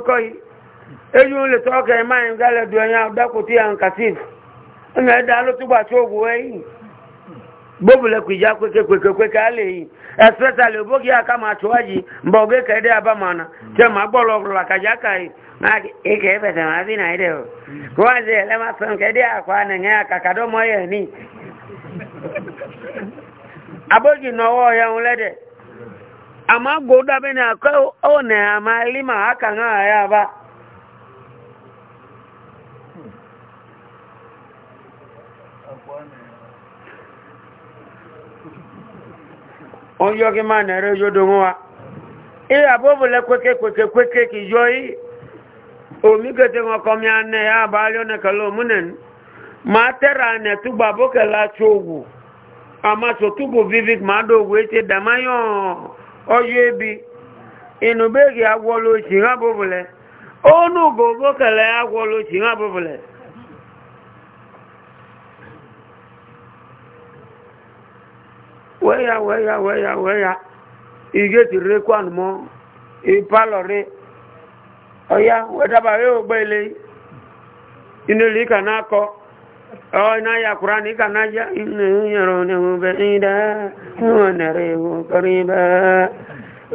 gbobule kuija kweke kweke kweke a leyi especially obogi aka ma chụwaji mgbe oge ka ede aba mana che ma gbọrọ ọgụrụ aka ji aka yi ike efete ma bi na ide kwazi elemasị nke dị akwa na-enye aka ya ni abogi n'ọwọ ya nwulede ama gbo dabe na akọ ọ na-ama ilima aka ya aba onye gị ma na-ere yodo nwa ihe abụbụle kweke kweke kweke ka kete yi omigete nwakomya nne ya abalị onekele omunen ma tera ne tuba bokela chogwu amaso tubu vivik ma ada ogwu eche damayo oyo ebi inubegi agwọla ochi ha abụbụle onu ugo bokele agwọla ochi ha abụbụle wẹ́yà wẹ́yà wẹ́yà wẹ́yà igé ti ré kwanu mọ́ ìpálọ̀ ré ọ̀yá wẹ́dàbà ré ògbẹ́ ilé inú ilé ìkà náà kọ́ ọ̀ iná ya kúrá ní ìkà náà já inú yẹ̀rọ ní wọ́n bẹ̀ ní dá wọ́n nẹ̀rẹ̀ wọ́n kọrí bá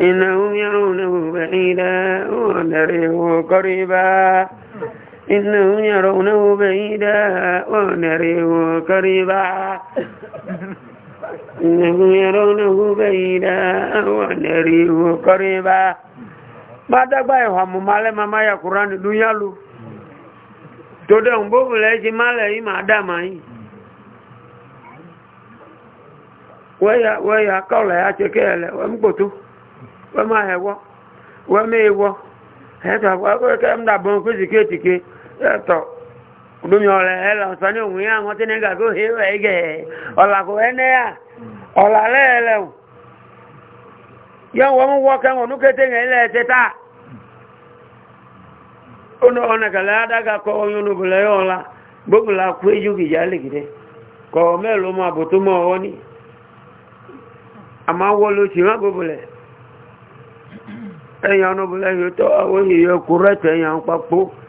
iná yẹ̀rọ ní wọ́n bẹ̀ ní dá wọ́n nẹ̀rẹ̀ wọ́n kọrí bá iná yẹ̀rọ ní wọ́n bẹ̀ ní dá wọ́n nẹ̀rẹ̀ wọ́n kọrí bá. إنهم يرونه بعيدا ونريه قريبا gbadagba ẹ̀họ̀ àmúmalẹ́ mama ya kúrò ní dúnyá lu tó dẹ̀hùn bóbù lẹ́jì málẹ̀ yìí máa dáma yìí ya ṣekẹ́ ẹ̀lẹ̀ wẹ́m kòtó wẹ́m ahẹ̀wọ́ wẹ́m èèwọ́ ẹ̀tọ̀ dumi ọlẹ ẹlẹ ọsàn ní òun yá wọn tí ní gàgó hẹwà ẹgẹ ọlà kò ẹnẹ yà ọlà lẹẹlẹ o yẹn wọn mú wọkẹ wọn nukété yẹn lẹ ẹsẹ tá ọnà ọnàkàlẹ adága kọ ọyún nùbùlẹ yọ ọlà gbogbo la kú ejú gìjà lẹgìdẹ kọ mẹlòó mọ àwọn èèyàn kúrẹtẹ yàn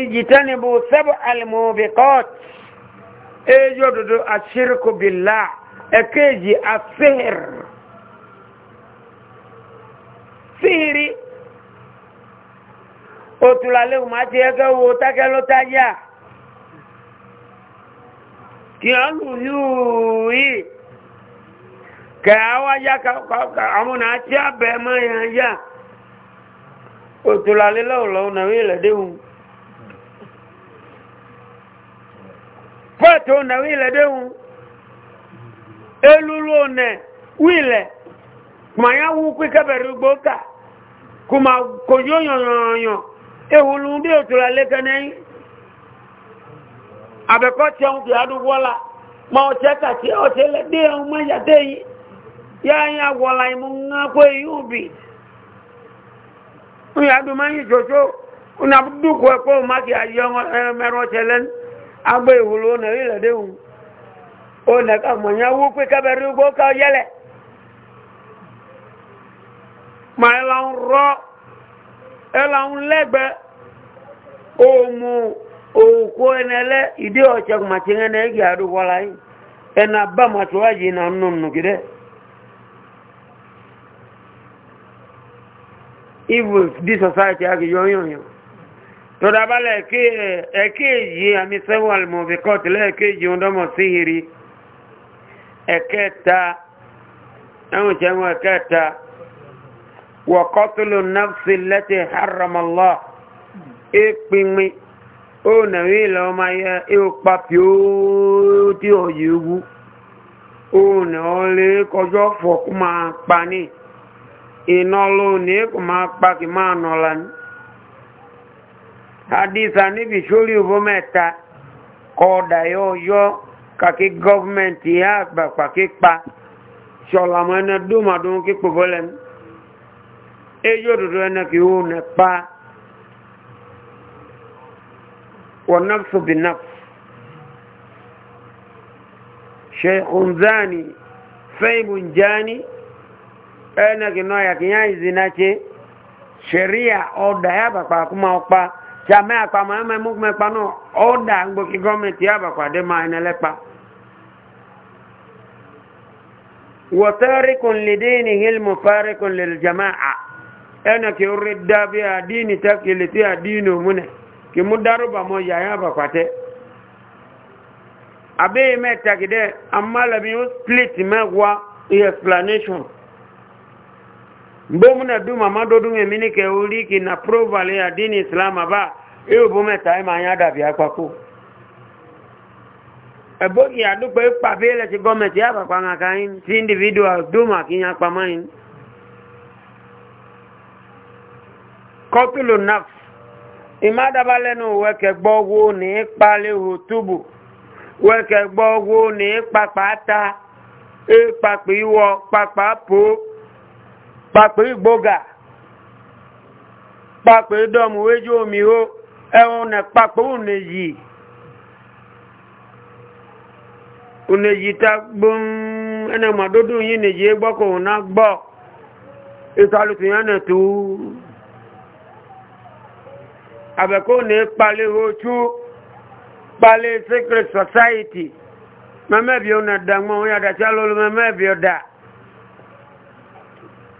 ìjìtẹ́nibù sẹ́bù alìmọ̀bìkọ́t èyí òdòdó àṣírikù bìlá ẹ̀kẹ́jì àfihìr síhìrí òtùlálẹ́ òmà ti ẹgẹ́ wo tákẹ́ ló tájá kí á lù yúúyí kẹ́ àwájá àwọn àti àbẹ̀mọ́ ìrìnàjá òtùlálẹ́ lọ́wọ́lọ́wọ́ náà ilẹ̀ déhùn fọ́ẹ̀tì ọ̀nà ilẹ̀ déhùn elúlú ọ̀nà wílẹ̀ màá wú pí kẹbẹ̀rẹ̀ gbókà kò mà kò yóò yànyànyàn ehùlù bí òtù rà lẹ́kẹ́nẹ́yìn àbẹ̀kọ́ ma ọ̀tẹ́ kàtí ọ̀tẹ́ lẹ́gbẹ́ ọ̀hún má ya yìí yá yá wọ̀lá ìmú ńlá kó èyí òbí ń yàdùn má yìí jòjó ń àbúdùkọ̀ ẹ̀kọ́ mákì ayé ọmọ ẹ̀rọ agbó ìwòlò ọ̀nà ilẹ̀ déhùn ọ̀nà kàmọ̀nyá wó pé kẹbẹ̀rẹ̀ ugbó ká yẹlẹ̀ ma ẹlà ń rọ́ ẹlà ń lẹ́gbẹ́ òmù òkú ẹnẹlẹ́ ìdí ọ̀chẹ́ kùmàtí ẹnẹ igi àdúgbọ́lá yìí ẹnà bá màtíwájì ìnà nùnù gidẹ́ if society tọ́dá bá lẹ́ẹ̀kẹ́ ẹ̀kẹ́yì àmì sẹ́wọ̀n almọ̀bíkọ́t lẹ́ẹ̀kẹ́yì ọdọ́mọ̀ síhìrí ẹ̀kẹ́ta ẹ̀hùn jẹun ẹ̀kẹ́ta wọ̀kọ́tùlù náfsì lẹ́tì haramallah ìpinmi ó nàwí ilẹ̀ nà ọ́ pa ní hadisa níbi sórí ìbò mẹ́ta kọ́ọ̀dà yóò yọ kàkí gọ́ọ̀mẹ̀ntì yá àgbà pàkí pa ṣọ̀làmọ́ ẹni dúnmàdún kí pòbó lẹ́nu èyí òdòdó ẹni kì í nẹ pa wọ́n náà sọ̀bì náà ṣe ǹzáni fẹ́ìmù jáni ẹni kì náà yàkìyàn ìzìnà ṣe ṣẹ̀ríyà ọ̀dà yá bàpà kúmọ̀ tí a mẹ́ àpamọ́ ẹ̀mẹ́ mú mẹ́pa náà ó dà ń gbókí gọ́ọ̀mẹ̀ntì àbàpàdé máa ẹni ẹlẹ́pa wọ̀tẹ́ríkùn lè dé ní hilmu fárikùn lè jama a ẹnà kí orí dábí àdínì tẹ́kì lè tí àdínì òmúnẹ̀ kí mú dárúbà mọ́ yà yà àbàpàtẹ́ àbẹ́yẹ mẹ́ta ó split mẹ́wàá explanation mgbe mụ na duma mama dodu mini ke ki na provali ya dini islam aba ewu bụ mẹta ịma anya dabi akwakwo ebo ki adukpe ikpabi eleti gọọmenti ya bakwa nga ka anyị ti individual du ma ihe akpama anyị nafs ịma dabale na uwe na ịkpali weke uwe kegbọ ọgwụ na ịkpakpa ata ịkpakpa e iwọ kpakpa pàpẹ́ ìgbóga pàpẹ́ ìdọ́mù wéjú omi ó ẹ̀hùn nẹ̀ pàpẹ́ òun èyí òun èyí ta gbóhùn ẹnẹ̀mọ̀ dúdú yìí nìyí gbọ́kọ̀ òun náà gbọ́ ìsàlùtù yẹn nẹ̀ tó àbẹ̀kọ́ ní palẹ̀ ojú palẹ̀ secret society mẹ́mẹ́bí òun ẹ̀dàgbọ́n òun yàtàtí alólùmẹ́mẹ́bí ọ̀dà.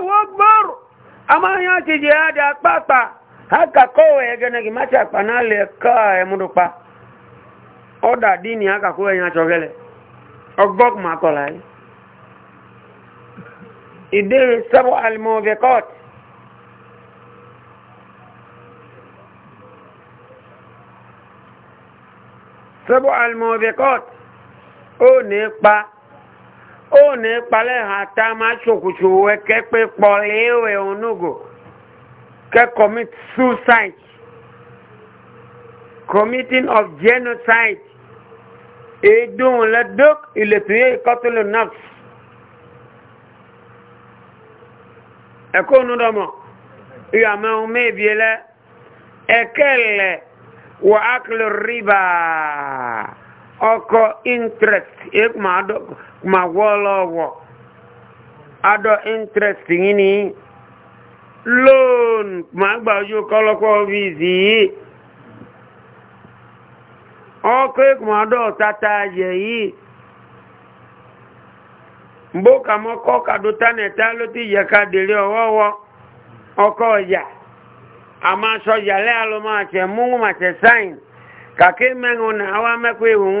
Allahu Akbar. Ama ya jiji ada papa. Haka kowe ya gena kimacha panale kaa ya mundu pa. Oda dini haka kowe ya chogele. Ogbok makola ya. Idiri sabu alimove kote. Sabu alimove kote. O ne pa. ó ní palẹ̀ hàn tá a máa ṣòkòtò wẹ kẹ́pẹ́ pọ̀ léèwé onúgò kẹ́ commit suicide committing of genocide èdùn lẹ́dọ́k ìlẹ̀tùyẹ́ ìkọ́tùlù náà. ẹ̀kọ́ onúdọ̀mọ̀ ìyàmẹ́ ohun mẹ́bìí lẹ́ ẹ̀kẹ́ lẹ̀ wọ́n á kìlọ̀ rìbà. oko interest ek ma do ma wolo wo ado interest ngini loan ma ba yo kolo ko vizi oko ek ma do tata ye yi mboka moko ka do tane talo ti ye ka de le owo wo oko ya ama so ya le alo ma ke mu ma ke sign kàkí mẹ́rin nà wá mẹ́kọ́ ìhùn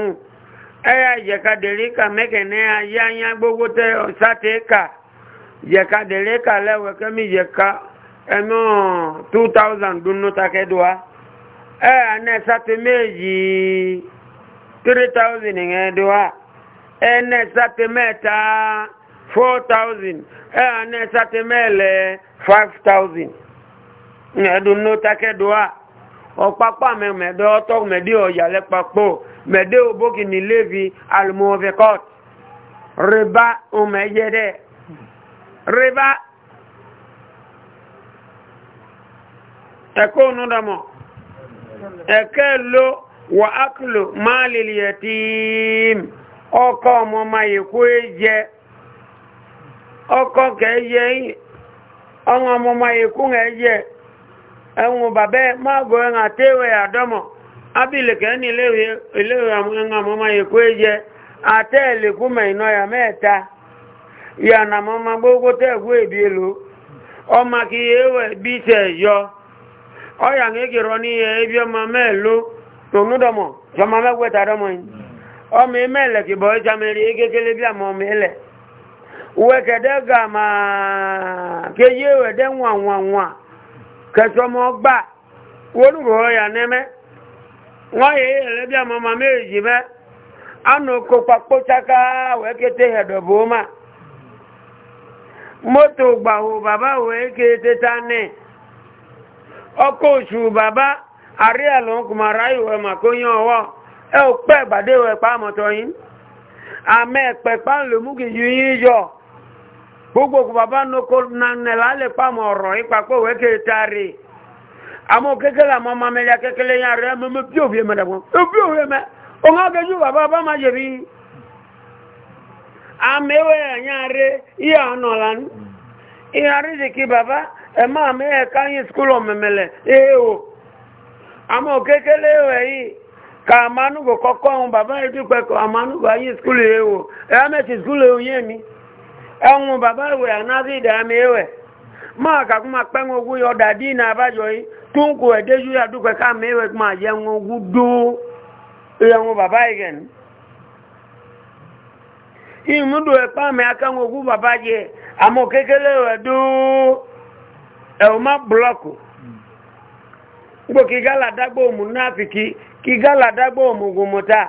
ẹ̀yà ìjẹ̀kadèríkà mẹ́kẹ̀ẹ́ ayé anyá gbogbo tẹ ọ̀sátẹ́ẹ̀kà ìjẹ̀kadèríkà lẹ́wọ̀ kẹ́mi ìjẹ̀ka ẹnu two thousand dunu takẹ́dùá ẹ̀ àná ẹ̀sátẹ́ méjì three thousand ẹ̀dùá ẹ̀ná ẹ̀sátẹ́ mẹ́ta four thousand ẹ̀ àná ẹ̀sátẹ́ mẹ́lẹ̀ five thousand ẹ̀dùnú takẹ́dùá. ọ̀pápá mẹ́mẹ́dẹ́ ọ̀tọ́ mẹ́dẹ́ ọ̀yàlẹ́ papọ̀ mẹ́dẹ́ òbókì ní lévi alimovecourt rìbá ọmọẹyẹdẹ rìbá ẹ̀kọ́ onúdọ̀mọ̀ ẹ̀kẹ́ ló wà ákùlù máa lèlì ẹ̀tí ọkọ̀ ọmọ ma yẹ̀kú ẹ̀jẹ ọkọ̀ kẹ́ yẹ ọmọ ọmọ ma yẹ̀kú ẹ̀jẹ ẹ̀wọ̀n bàbẹ́ máa gọ ẹ̀ràn àtẹ́wẹ̀ àdọ́mọ̀ ábìlẹ̀kẹ́ ní iléèwé àmọ́mọ́ èkó ẹjẹ́ àtẹ́ẹ̀lẹ̀kúnmẹ̀ iná ya mẹ́ta gbogbo bí tẹ̀ yọ ebi ọmọ mẹ́ẹ̀ló tòmúdọ̀mọ̀ jọmọ mẹ́gbẹ̀ta dọ́mọ̀ àwọn àwọn kẹsọ mọ gbà wọnúrò ya nẹmẹ wọn yẹ ẹlẹ bí àmọ màmá èyí mẹ ànà kópa kpótsaka wẹ kété ẹdọbọ ma mọtò gbàwó bàbá wẹ kété tánì ọkọ oṣù bàbá àríyàló kùmàrà ìwẹ màkóyán ọwọ ẹ ò pẹ gbàdéwẹ pàmọtọ yín àmẹ pẹpà lòmùkì yìí yín yọ. gbogbo kò bàbá noko nanẹ̀lá lè pàmò ọ̀rọ̀ ìpapò wẹ́kè tari àmọ́ kékeré àmọ́ mamẹ́lẹ́ kékeré yẹn rẹ̀ mẹ́mẹ́ mẹ òbí ẹ̀mẹ́ dàgbọ́n òbí òbí ẹ̀mẹ́ òun àgẹ́jú bàbá bá máa bàbá ẹ̀ má mẹ́ ẹ̀ka yín skúlù ọ̀mẹ̀mẹ̀lẹ̀ ee o kékeré yìí ẹ̀hún bàbá ìwẹ̀ ànáàbí ìdàmì ìwẹ̀ máa ma pẹ́wọ́n ogún yọ dàdí ìnà àbájọ yìí tó ń kò ẹ̀dẹ́ yúyà dúpẹ́ káàmì ìwẹ̀ kí máa yẹ wọn ogún bàbá ìmúdò ẹ̀pá bàbá jẹ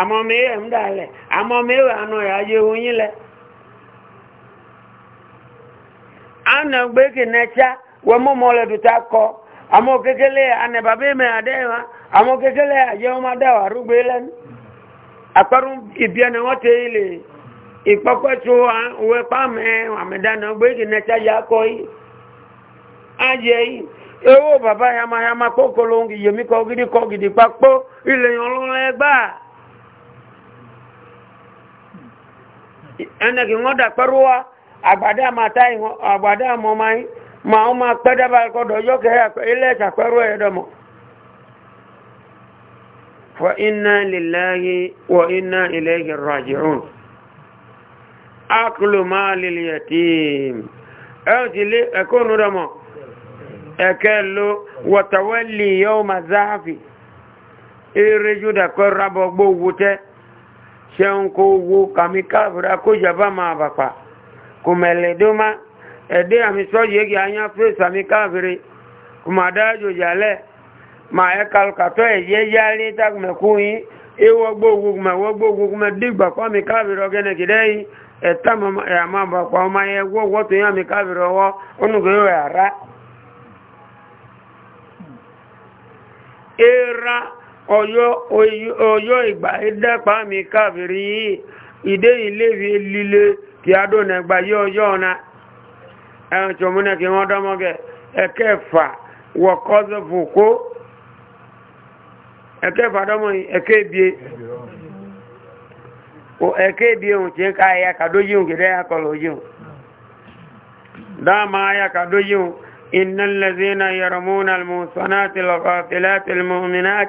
àmọ́ mi rẹ̀ ń dalẹ̀ àmọ́ mi rẹ̀ àna rẹ̀ ayé oyin lẹ̀. àna gbẹ́kì nẹ́tsá wọ́n mọ́ mọ́ lẹ́dù tá kọ́ àmọ́ kékeré àna bàbá mi àdé wa àmọ́ kékeré àyè wọn má dá wà rúgbé ìbí ẹni wọ́n tẹ́ ilé wọ́n pa mẹ́ àmìdáná nẹ́tsá yà kọ́ yìí. ewo bàbá yamayama kọ́ gidi kọ́ gidi kpakpó ilé ẹnẹ́gì wọ́n dà pẹ́rúwá àgbàdá máa tá ìwọ̀n àgbàdá mọ́ máa ń máa ń máa pẹ́ dábàá kọ́dọ̀ yóò kẹ́ ilé ìṣàpẹ́rú ẹ̀dọ̀mọ̀ fa iná lèláyé wọ iná ilé ìrọ̀jìrún ákùlù máa lèlẹ̀ tí ẹ̀hùn ti lé ẹ̀kọ́ onúdọ̀mọ̀ ẹ̀kẹ́ lo wọ̀tàwẹ́lì yóò máa záàfì eré jùdà kọ́ rábọ̀ gbówó tẹ́ ṣeun kó e wo kàmí ka kó jàbá máa bàpà kò mẹ̀lẹ̀ ma má ẹ̀dẹ́ àmì sọ́jì yégi anyá fèsì àmì káàbùrì kò má dá jòjà lẹ̀ mà ẹ̀ kàlùkàtọ́ ẹ̀yẹ́ yálé tágùmẹ̀kú yín ewọ́ gbóògùn ọyọ́ ìgbà ìdẹ́pà mi káàbìrì yìí ìdé ìlévi líle kí a dóna ẹgbà yí ọyọ́ ọ̀nà ẹ̀rùn tí ó múnẹ̀ kí wọ́n dọ́mọ́gẹ̀ ẹ̀kẹ́fà wọ̀kọ́sọ̀fòkó ẹ̀kẹ́fà dọ́mọ́ ẹ̀kẹ́bíe ẹ̀kẹ́bíe ohun tí ká ẹ̀yà إن الذين يرمون المحصنات الغافلات المؤمنات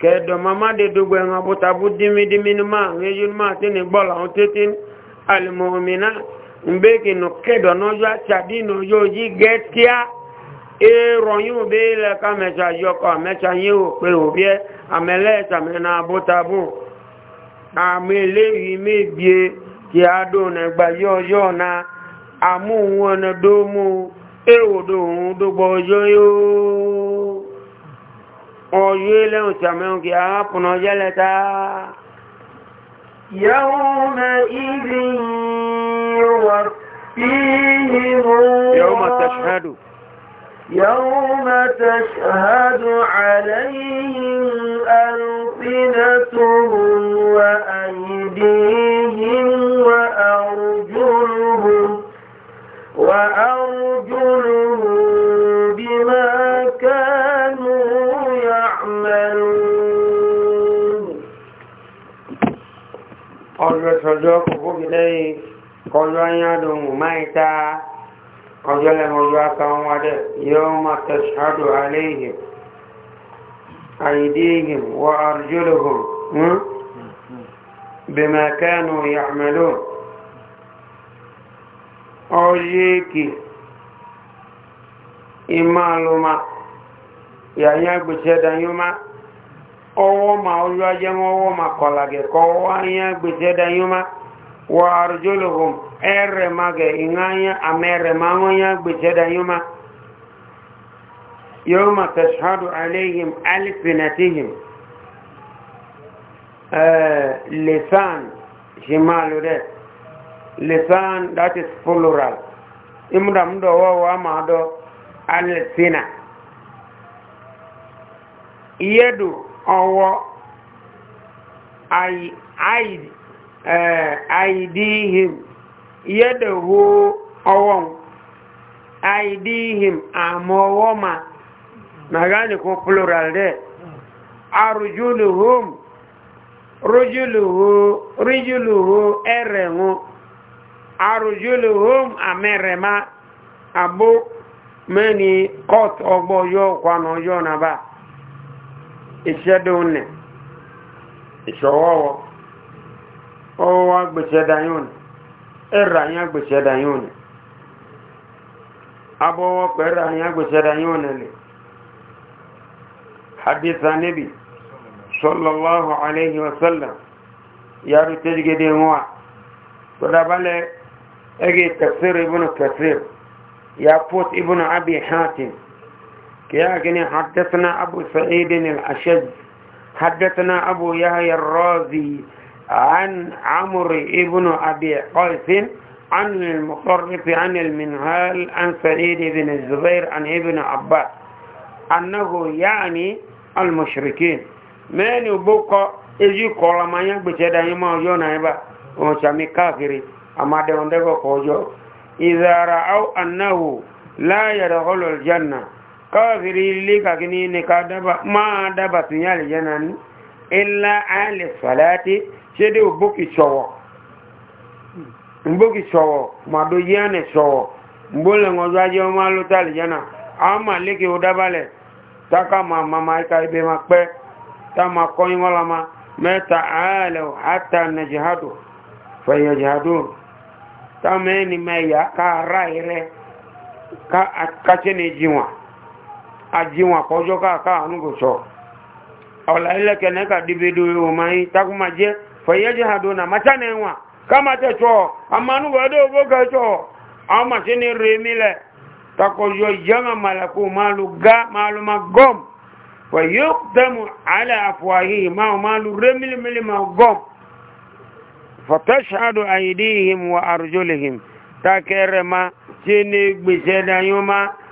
kẹdọ̀ mama de dogbo ẹ̀wọ̀n abútabú dímídímí ní máa ń yíyún máa tí ní gbọ́ làwọn tètè alìmọ̀mìnà ń bẹ́ kì nù kẹdọ̀ yí yóò bẹ́ ká mẹ́ta yọkọ̀ mẹ́ta pé òbí ẹ́ kí a dóun ẹgbà yọ́yọ́ na àmúhun ọ̀yọ́ lẹ́hùn tí a mẹ́hùn kí a pùnà jẹ́ lẹ́ta yàwùmẹ́ ìdí wà fíhì mú yàwùmẹ́ tẹ̀ṣẹ́dù yàwùmẹ́ تعملون ọjọ́ tọjọ́ kòkó gidẹ́ kọjọ́ ayádùn máìta ọjọ́ lẹ́mọ̀jọ́ akáwọn wádẹ̀ yóò ma tẹ̀ṣàdù aléhìn àìdíhìn wọ àrùjọ́lùhùn bí mẹ́kẹ́nù ìyàmẹ́lò ọjọ́ èkì ìmáàlùmáà yàyà gbèsè danyoma ọwọ́ ma ọlọ́ ajẹ́mọ́ ọwọ́ ma kọlagẹ̀ kọwọ́ ayá gbèsè danyoma wọ àrùjọ́lọ́hùn ẹ̀rẹ̀ ma gẹ̀ ìnáyà àmẹ́rẹ̀ ma wọ́n yá gbèsè danyoma yóò ma tẹ̀síhádù aléhìm alifinatihim lisan shimalu lisan that is plural imúdàmúdọ̀ wọ́wọ́ a máa dọ́ alifina iyẹ́dù ọwọ àìdíhìm e, iyẹ́dù ọwọ ọwọ́ ma mẹ́gánikò plural dẹ̀ arùjúlùhùm ríjúlùhù ẹ̀rẹ̀ wọn arùjúlùhùm àmẹ́rẹ̀má àbó mẹ́ni kọ́t ọgbọ́ yóò kwánà yóò nàbá ìṣẹ́dùn nì ìṣọ̀wọ́wọ́ ọwọ́ agbèṣẹ́dayún nì ẹ̀rà yín agbèṣẹ́dayún nì abọ́wọ́ pẹ̀rà yín agbèṣẹ́dayún nì lè haditha níbi sallallahu alayhi wa sallam yàrù tẹ́jìgẹ́dẹ̀ wọn tọ́dabalẹ̀ ẹgbẹ̀ kẹsìrì ibùn kẹsìrì yà fọ́t ibùn abi hatim كياكني حدثنا أبو سعيد الأشد حدثنا أبو يحيى الرازي عن عمرو بن أبي قيس عن المصرف عن المنهال عن سعيد بن الزبير عن ابن عباس أنه يعني المشركين من يبقى إذا قال ما يكبت دائما وجونا يبا ومشامي كافري أما دون إذا رأوا أنه لا يدخل الجنة kọ́ọ̀fìrí ilé kàkíní ní ká máa dábà tún yà lè jẹ́nà ní ilá àálẹ̀ sàlátí ṣe dé ògbókì ṣọ̀wọ̀ ògbókì ṣọ̀wọ̀ màdó yẹ́nà ṣọ̀wọ̀ gbólẹ̀ ọjọ́ ajé ọmọ alótà lè jẹ́nà àwọn máa lékè ó dábàlẹ̀ táká máa mama ika ibẹ̀ máa pẹ́ tá máa kọ́yìn wọ́n lama mẹ́ta àálẹ̀ àtà nàìjíríàdò fẹ̀yẹ̀jíàdò tá mẹ́ni mẹ́yà ká ara rẹ̀ ká àkàṣẹ́ ní jí ajiwọn àkọjọ́ ka ànúgòsọ ọ̀là ilẹ̀kẹ̀ nẹ́kà dìbìdì ohun ma yí takuma jẹ́ na àdónà machane wọn kama tẹ́tọ́ àmànúgbọ́dọ̀ ogó takọjọ ma gọ́m fẹ̀yẹ́ tẹ́mu alẹ́ àfọ̀ayé máàlù rèmílẹ̀mílẹ̀ ma gọ́m fọ̀tẹ́ṣàdù àyídíhìm wà àrùjọ́lẹ̀hìm takẹ́rẹ̀ ma tí ní gbèsè ma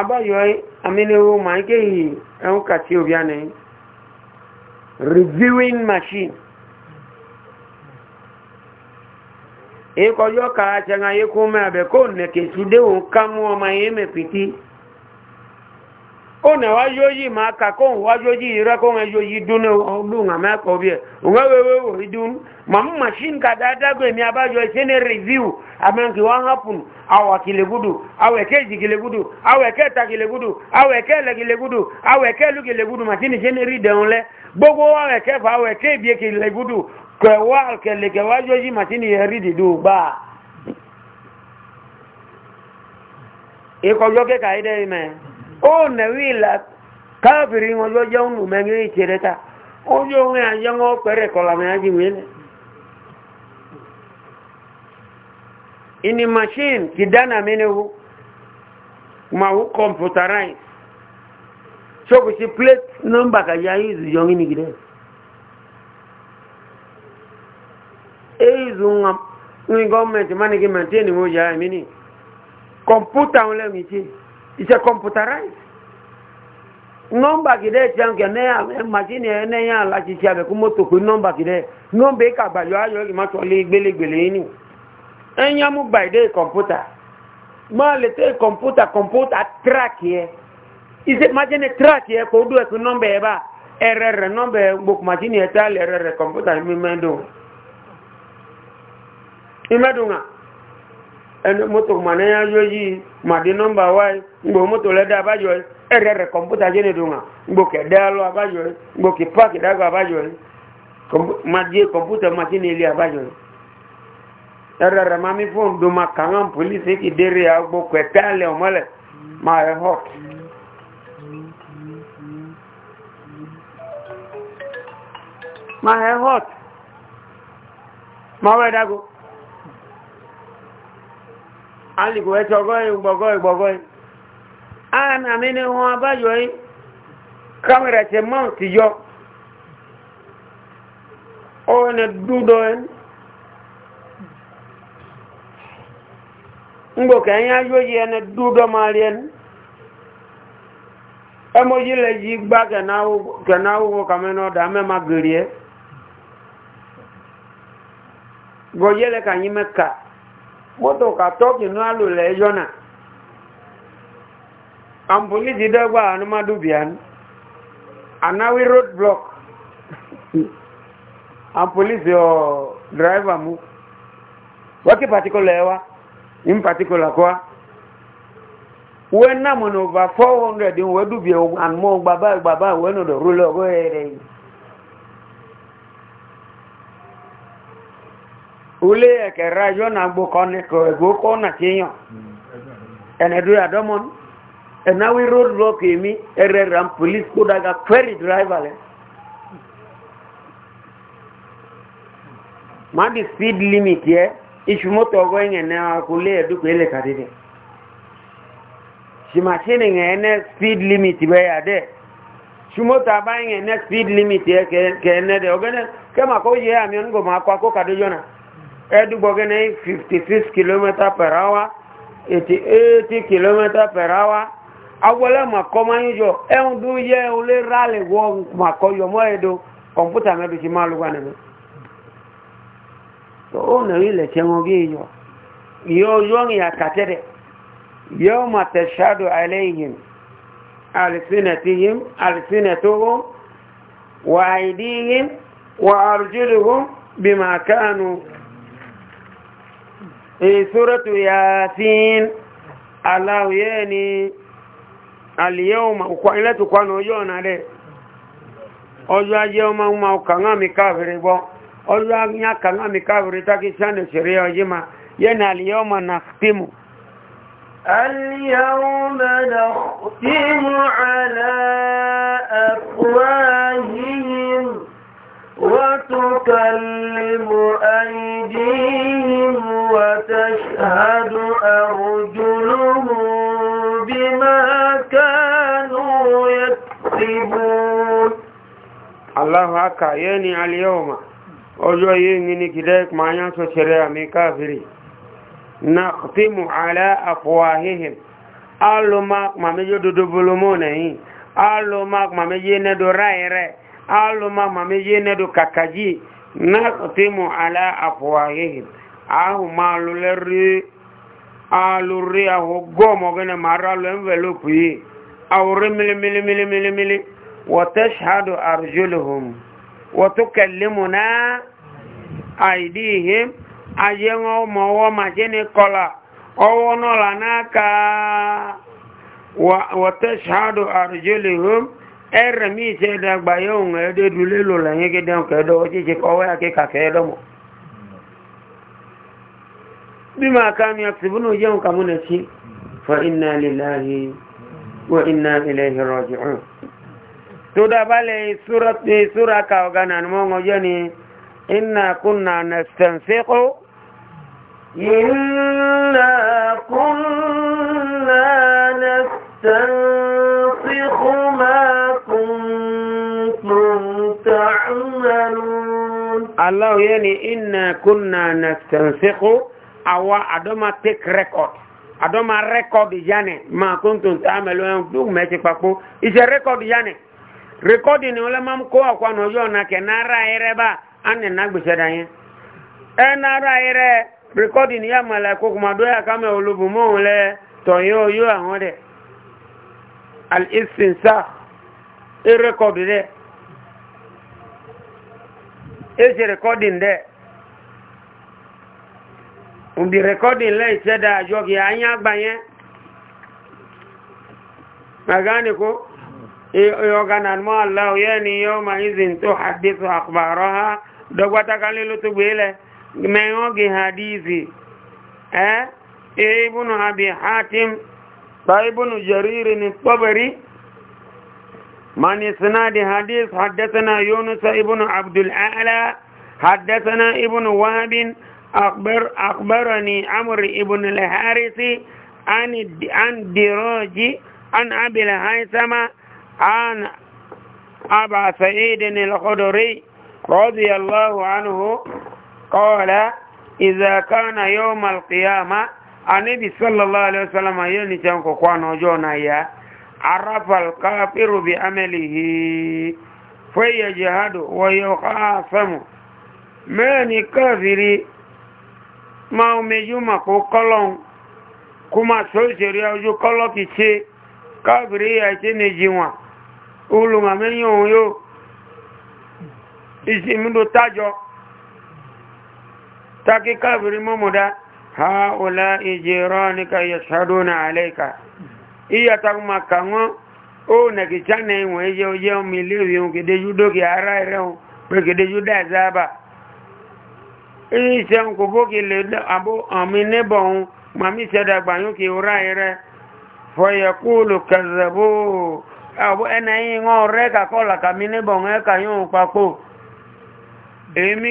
abayọ amínewo ma ike yìí ẹun kàtí òbí ànẹ́ reviewing machine ikọ̀ yọ́ kàá ṣẹ̀rẹ̀ ayékún mẹ́ àbẹ̀kọ́ nẹ̀kẹ̀ ṣúdé òun ká mú ọmọ yìí mẹ́pìtì ona wa yoyi ma ka ko wa yoyi ira ko ngai yoyi dun lu nga ma ko bie nga we we we dun mam machine ka da da go mi aba yo sene review amen ki wa hapun awa kile gudu awe ke ji kile gudu awe ke ta kile gudu awe ke le kile gudu awe ke machine sene ri de onle gbogbo awe ke fa awe ke bi kile gudu ko machine ye ri di du ba e ko yo ke ó nàwí ìlà káàbìrì wọn lọ́jọ́ ń lù mẹ́rin ìṣẹ̀rẹ́ ta ó yọ ohun àjọ wọn pẹ̀rẹ̀ kọlà mẹ́rin machine kì dáná mi ni hu mà hu computerize ṣọ́kù plate number kàyà ìzù yọ ní nìgídẹ́. ìzù ń ni mo yà á mi ni kọ̀mpútà a iṣẹ́ computerize nọ́mbà kìdẹ́ ti àǹkẹ́ náà màṣínì ẹ̀ náà yàn láti ṣe àbẹ̀kú mọ́tò pé nọ́mbà kìdẹ́ nọ́mbà ìkàgbàjọ ayọ̀ ìmọ̀tọ́lé gbélégbèlé ní ẹ̀yàn mú gbà ìdẹ́ kọ̀mpútà máa lè tẹ́ kọ̀mpútà kọ̀mpútà tíráàkì ẹ̀ iṣẹ́ màṣínì tíráàkì ẹ̀ kò dùn ẹ̀kú nọ́mbà ẹ̀ bá ẹ̀rẹ̀ rẹ̀ nọ́mbà gbogbo màṣínì ẹ̀ tẹ́ ẹnu mọ́tò mọ̀nà yá yóò yí màdí nọ́mbà wáyé ngbò mọ́tò lẹ́dá abájọ́ ẹ̀rẹ́ rẹ̀ kọ̀mpútà jẹ́ nìdùn wa ngbò kẹ̀dẹ́ alọ́ abájọ́ ngbò kì páàkì dágọ̀ abájọ́ màdí kọ̀mpútà màtí ní ilé abájọ́ ẹ̀rẹ́ rẹ̀ máa mi fún dùnmà kàwọn pòlísì kì dérè àgbò alẹ́ ọ̀mọ́lẹ̀ họ́ alìkòwẹ́tọ̀ ọgọ́rin gbọ̀gọ́rin gbọ̀gọ́rin àmì ni wọn abájọ́ yìí kámẹ́rà tẹ mọ́ọ̀tì yọ ọ̀nà dúdọ̀ ẹ̀ ń gbò kẹ́yìn ayóyí ẹni dúdọ̀ máa rí ẹni ẹmọ yìí lè yí gbá kẹ̀náwó kàmẹ́nà ọ̀dà mọ́tò ka tọ́kì ní alòlẹ̀ yọ́nà àmbòlì ti dẹ́gbà anúmọ́dúbìán anáwí road block àmbòlì ti ọ̀ dráìvà mú wọ́kí pàtíkọ́lá ẹwà in pàtíkọ́lá kọ́ wọ́n náà mọ̀nà over 400 wọ́n dúbìán àmọ́ gbàbá gbàbá wọ́n náà dọ̀ rúlọ̀ wọ́n ule eke rajo na gbo koni ko ego ko na tinyo ene du ya domon ena wi road block emi ere ram police ko daga ferry driver le ma di speed limit ye ishu moto go ene na kule edu ko ele kadide si machine nge ene speed limit be ya de Shumoto abaye ene speed limit ye ke ke ene de ogene kema ko ye amion go ma ko ko kadu jona ẹdúgbọ́gẹ́ ní 56 km per hour 80 km per hour agbọ́lẹ̀ màkọ́ máa ń yọ ẹ̀hún tó yẹ olè rálẹ̀ wọ màkọ́ yọmọ́ ẹ̀dọ́ kọ̀mpútà mẹ́rin ti máa lùgbà nìyẹn tó ó nàrí ilẹ̀ tí wọ́n gé yọ yóò yọrin àkàtẹ́rẹ̀ yóò mà tẹ̀sádọ̀ àìlẹ́yìn àlìsínẹ̀tìyìn àlìsínẹ̀tòhún wà àìdíyìn wà àrùjúlùhún bí màkánù سورة ياسين الله يعني اليوم وقائلة قانو يونا لي ọjọ́ yóò máa ń máa kàn mi káàkiri bọ́ ọjọ́ yá kàn án mi káàkiri tákì sáàdì ṣeré ọjí ma yẹ́ na àlìyàwó ma na tímù àlìyàwó mẹ́lẹ̀ وتكلم أيديهم وتشهد أرجلهم بما كانوا يكسبون الله أكايني على اليوم ọjọ́ yìí ní ní kìdẹ́ ìpàáyán tó ṣẹlẹ̀ àmì káàfìrí na tí mú ààrẹ àfọwàhíhìm alùmọ́ pàmẹ́jọ́ dodo bolomọ́ nẹ̀yìn alùmọ́ pàmẹ́jọ́ nẹ́dọ̀ ráyẹrẹ aluma mami yenedu kakaji na timu ala afwahihim ahu maluleri aluri ahu gomo gene maralu envelope yi awuri mili mili mili mili mili watashhadu arjuluhum watukallimuna aidihim ajengo mowo majene kola owo nola naka watashhadu arjuluhum ẹrẹ mi ṣe dàgbà yóò ń ẹdẹ dúlé lò lẹ́yìn kí dẹ́hùn kẹ́dọ̀ ó ṣíṣe kọ́wẹ́ àkíkà kẹ́ẹ̀dọ́mọ̀ bí máa ká ní ọ̀sìnbùnú yẹ́hùn kàmúnẹ̀ sí fa iná lèláhì wa iná ilẹ̀ ìrọ̀jì hàn tó dábàlẹ̀ ìṣúra ka ọ̀gá náà ni wọ́n ọjọ́ ni iná kúnnà nàṣẹ̀ǹsẹ́kọ́ iná kúnnà nàṣẹ̀ǹsẹ́kọ́ máa Allah yani inna kunna nastansikhu awa adoma take record adoma record yane ma kuntum ta'malu eh, du meche papo ise record yane record ni ole mam ko kwa no yo na ke nara ire ba ane na gbese yin e eh, nara ire record ni ya mala ko kuma do ya kama olubu mo le to yo yo awon ese recording there ubi recording le iteda ajo gi anya agba yen magani ko yogana mo allah yani yawma izin tuhaddithu akhbaraha dogwata e ihe meyogi hadithi eh ibn abi hatim ibn jarir ni tabari من إسناد حديث حدثنا يونس ابن عبد الأعلى حدثنا ابن وهب أخبر أخبرني عمرو ابن الحارث عن عن دراج عن أبي الهيثم عن أبا سعيد الخدري رضي الله عنه قال إذا كان يوم القيامة النبي صلى الله عليه وسلم ينجم كوانو يا arafal káfíru bí amẹ́lìhì fẹ́yẹ̀ jihadu wọ́yọ̀ káfẹ́mù mẹ́ni káfíri máa mejú ma kó kọ́lọ́n kó ma tó ìṣẹ̀rí ojú kọ́lọ́ kì ṣe káfíri àti nìjì wọn olùmọ̀mẹ́yìn òun yóò ìsinmi tájọ takí káfíri mọ́mọ́dá ha ọlá ìjẹ́rọ́ iyata kuma kango o na kichane inwe ye oye omiliwi unkide judo ki ara ere un pekide juda zaba ise nkubo ki le abo ami nebo un mami seda gbanyu ki ora ere fọyẹkúlù kẹzẹbó àwọn ẹnẹyìn wọn rẹ kàkọlà yóò papò èémí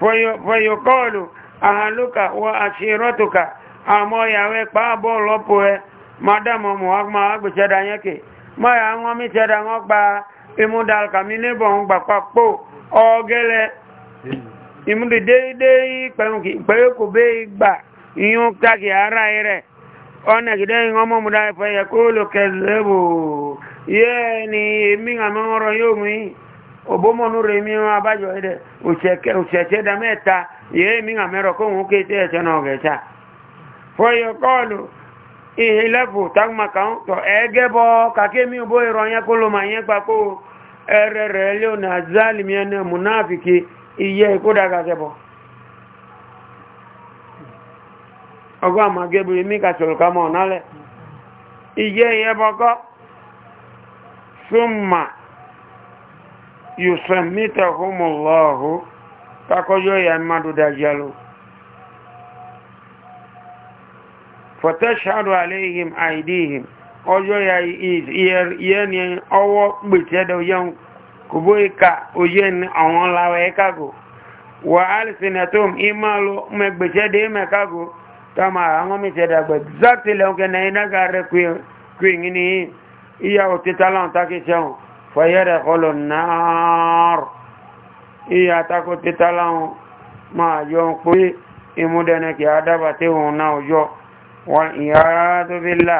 fọyọkọọlù ahaluka wa àṣírọ́tùka àmọ́ ìyàwó ẹ̀pá àbọ̀ lọ́pọ̀ ẹ mádàmọ̀ mọ̀ agbèsẹ́dà yẹ́kẹ̀ máyà wọ́n mí gba wọ́n pa imúdàkàmí níbọ̀ ń gbà papò ọgẹ́lẹ́ ìmúdìdéédé pẹ̀lú bẹ́ ìgbà ara rẹ̀ obomonu remi wa bajo ide ucheke ucheche da meta ye mi ngamero ko nguke te chano gecha fo yo kolu ihilafu tagma kan to egebo kake mi bo iroyan ko lo ma yen papo erere leo na zalimi ene munafiki iye ko daga gebo ogo amagebu mi ka solo kama onale iye yeboko summa yusamita humullahu ya mmadụ dajalụ fọtashadu alaihim aidihim ọjọ́ ya ihe ni ọwọ́ gbètẹ́dẹ̀ oyen kùbó ìka oyen àwọn láwẹ̀ ẹ̀kàgò wà alìsìnàtòm ìmọ̀lù mẹ́gbètẹ́dẹ̀ ìmẹ̀kàgò tọ́mà àwọn mẹ́tẹ́dàgbẹ̀ exactly lẹ́ọ̀kẹ́ na ìdága rẹ̀ iya ìyàwó títà láwọn tákìsẹ́wọ̀n fọyẹ́rẹ̀ kọlọ̀ náàrù iya tako títà láwọn máa yọ ń pé ìmúdẹ̀nà kí adába tí wọn náà yọ wọn ìyá tó fi là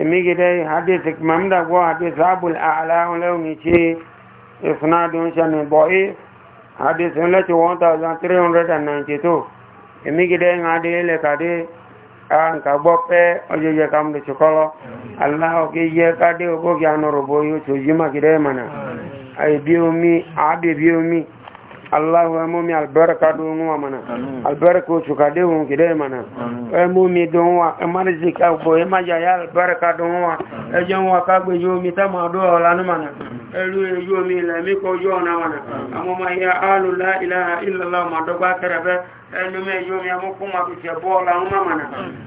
èmi gidẹ́ hadith mamdagbọ́ hadith abul ala lẹ́wọ̀n ìṣe ìfúnádùn ṣe ní bọ̀ hadith lẹ́tí 1392 emigide ngadi le kadi ah, an ka bope ojoje kam de chukolo allah ke ye kadi ogo gyano robo yo chojima kide mana ay biomi abe biomi Allahu ya mumi albarka don wa mana albarka su ka dehu ki dai mana e mumi don wa e marzi ka bo e maja ya albarka don wa e jan wa ka gbe yo mi ta ma do ola nu mana e lu e yo mi la mi ko yo na mana amo ma ya alu la ilaha illa allah ma do ba kare be e lu me yo mi amo ku ma bi se bo ola nu mana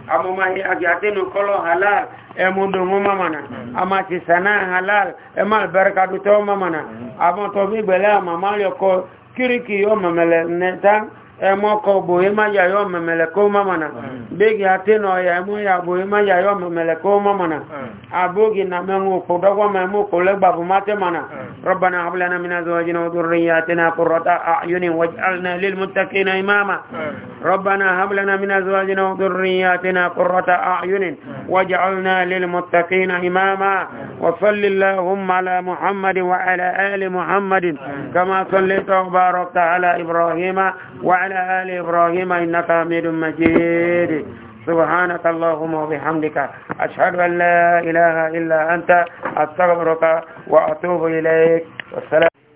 amo ma ya ga te nu kolo halal e mu do mu mana ama ti sana halal e ma albarka du to mana amo to mi gbele ama ma yo ko kiriki yọ mamẹlẹ nẹta emoko kọ bòye má yàyọ mẹ̀mẹ̀lẹ̀ kó mọ́mọ̀nà bígi àtínà ya ẹmọ yà bòye má yàyọ mẹ̀mẹ̀lẹ̀ kó mọ́mọ̀nà àbógi na mẹ́mú òkú dọ́gbọ́ mẹ́mú òkú lẹ́gbàbù mátẹ́mọ̀nà min azwajina wa dhurriyyatina qurrata a'yunin waj'alna lil muttaqina imáma ربنا هب لنا من ازواجنا وذرياتنا قرة اعين واجعلنا للمتقين اماما وصل اللهم على محمد وعلى ال محمد كما صليت وباركت على ابراهيم وعلى وعلى آل إبراهيم إنك حميد مجيد سبحانك اللهم وبحمدك أشهد أن لا إله إلا أنت أستغفرك وأتوب إليك والسلام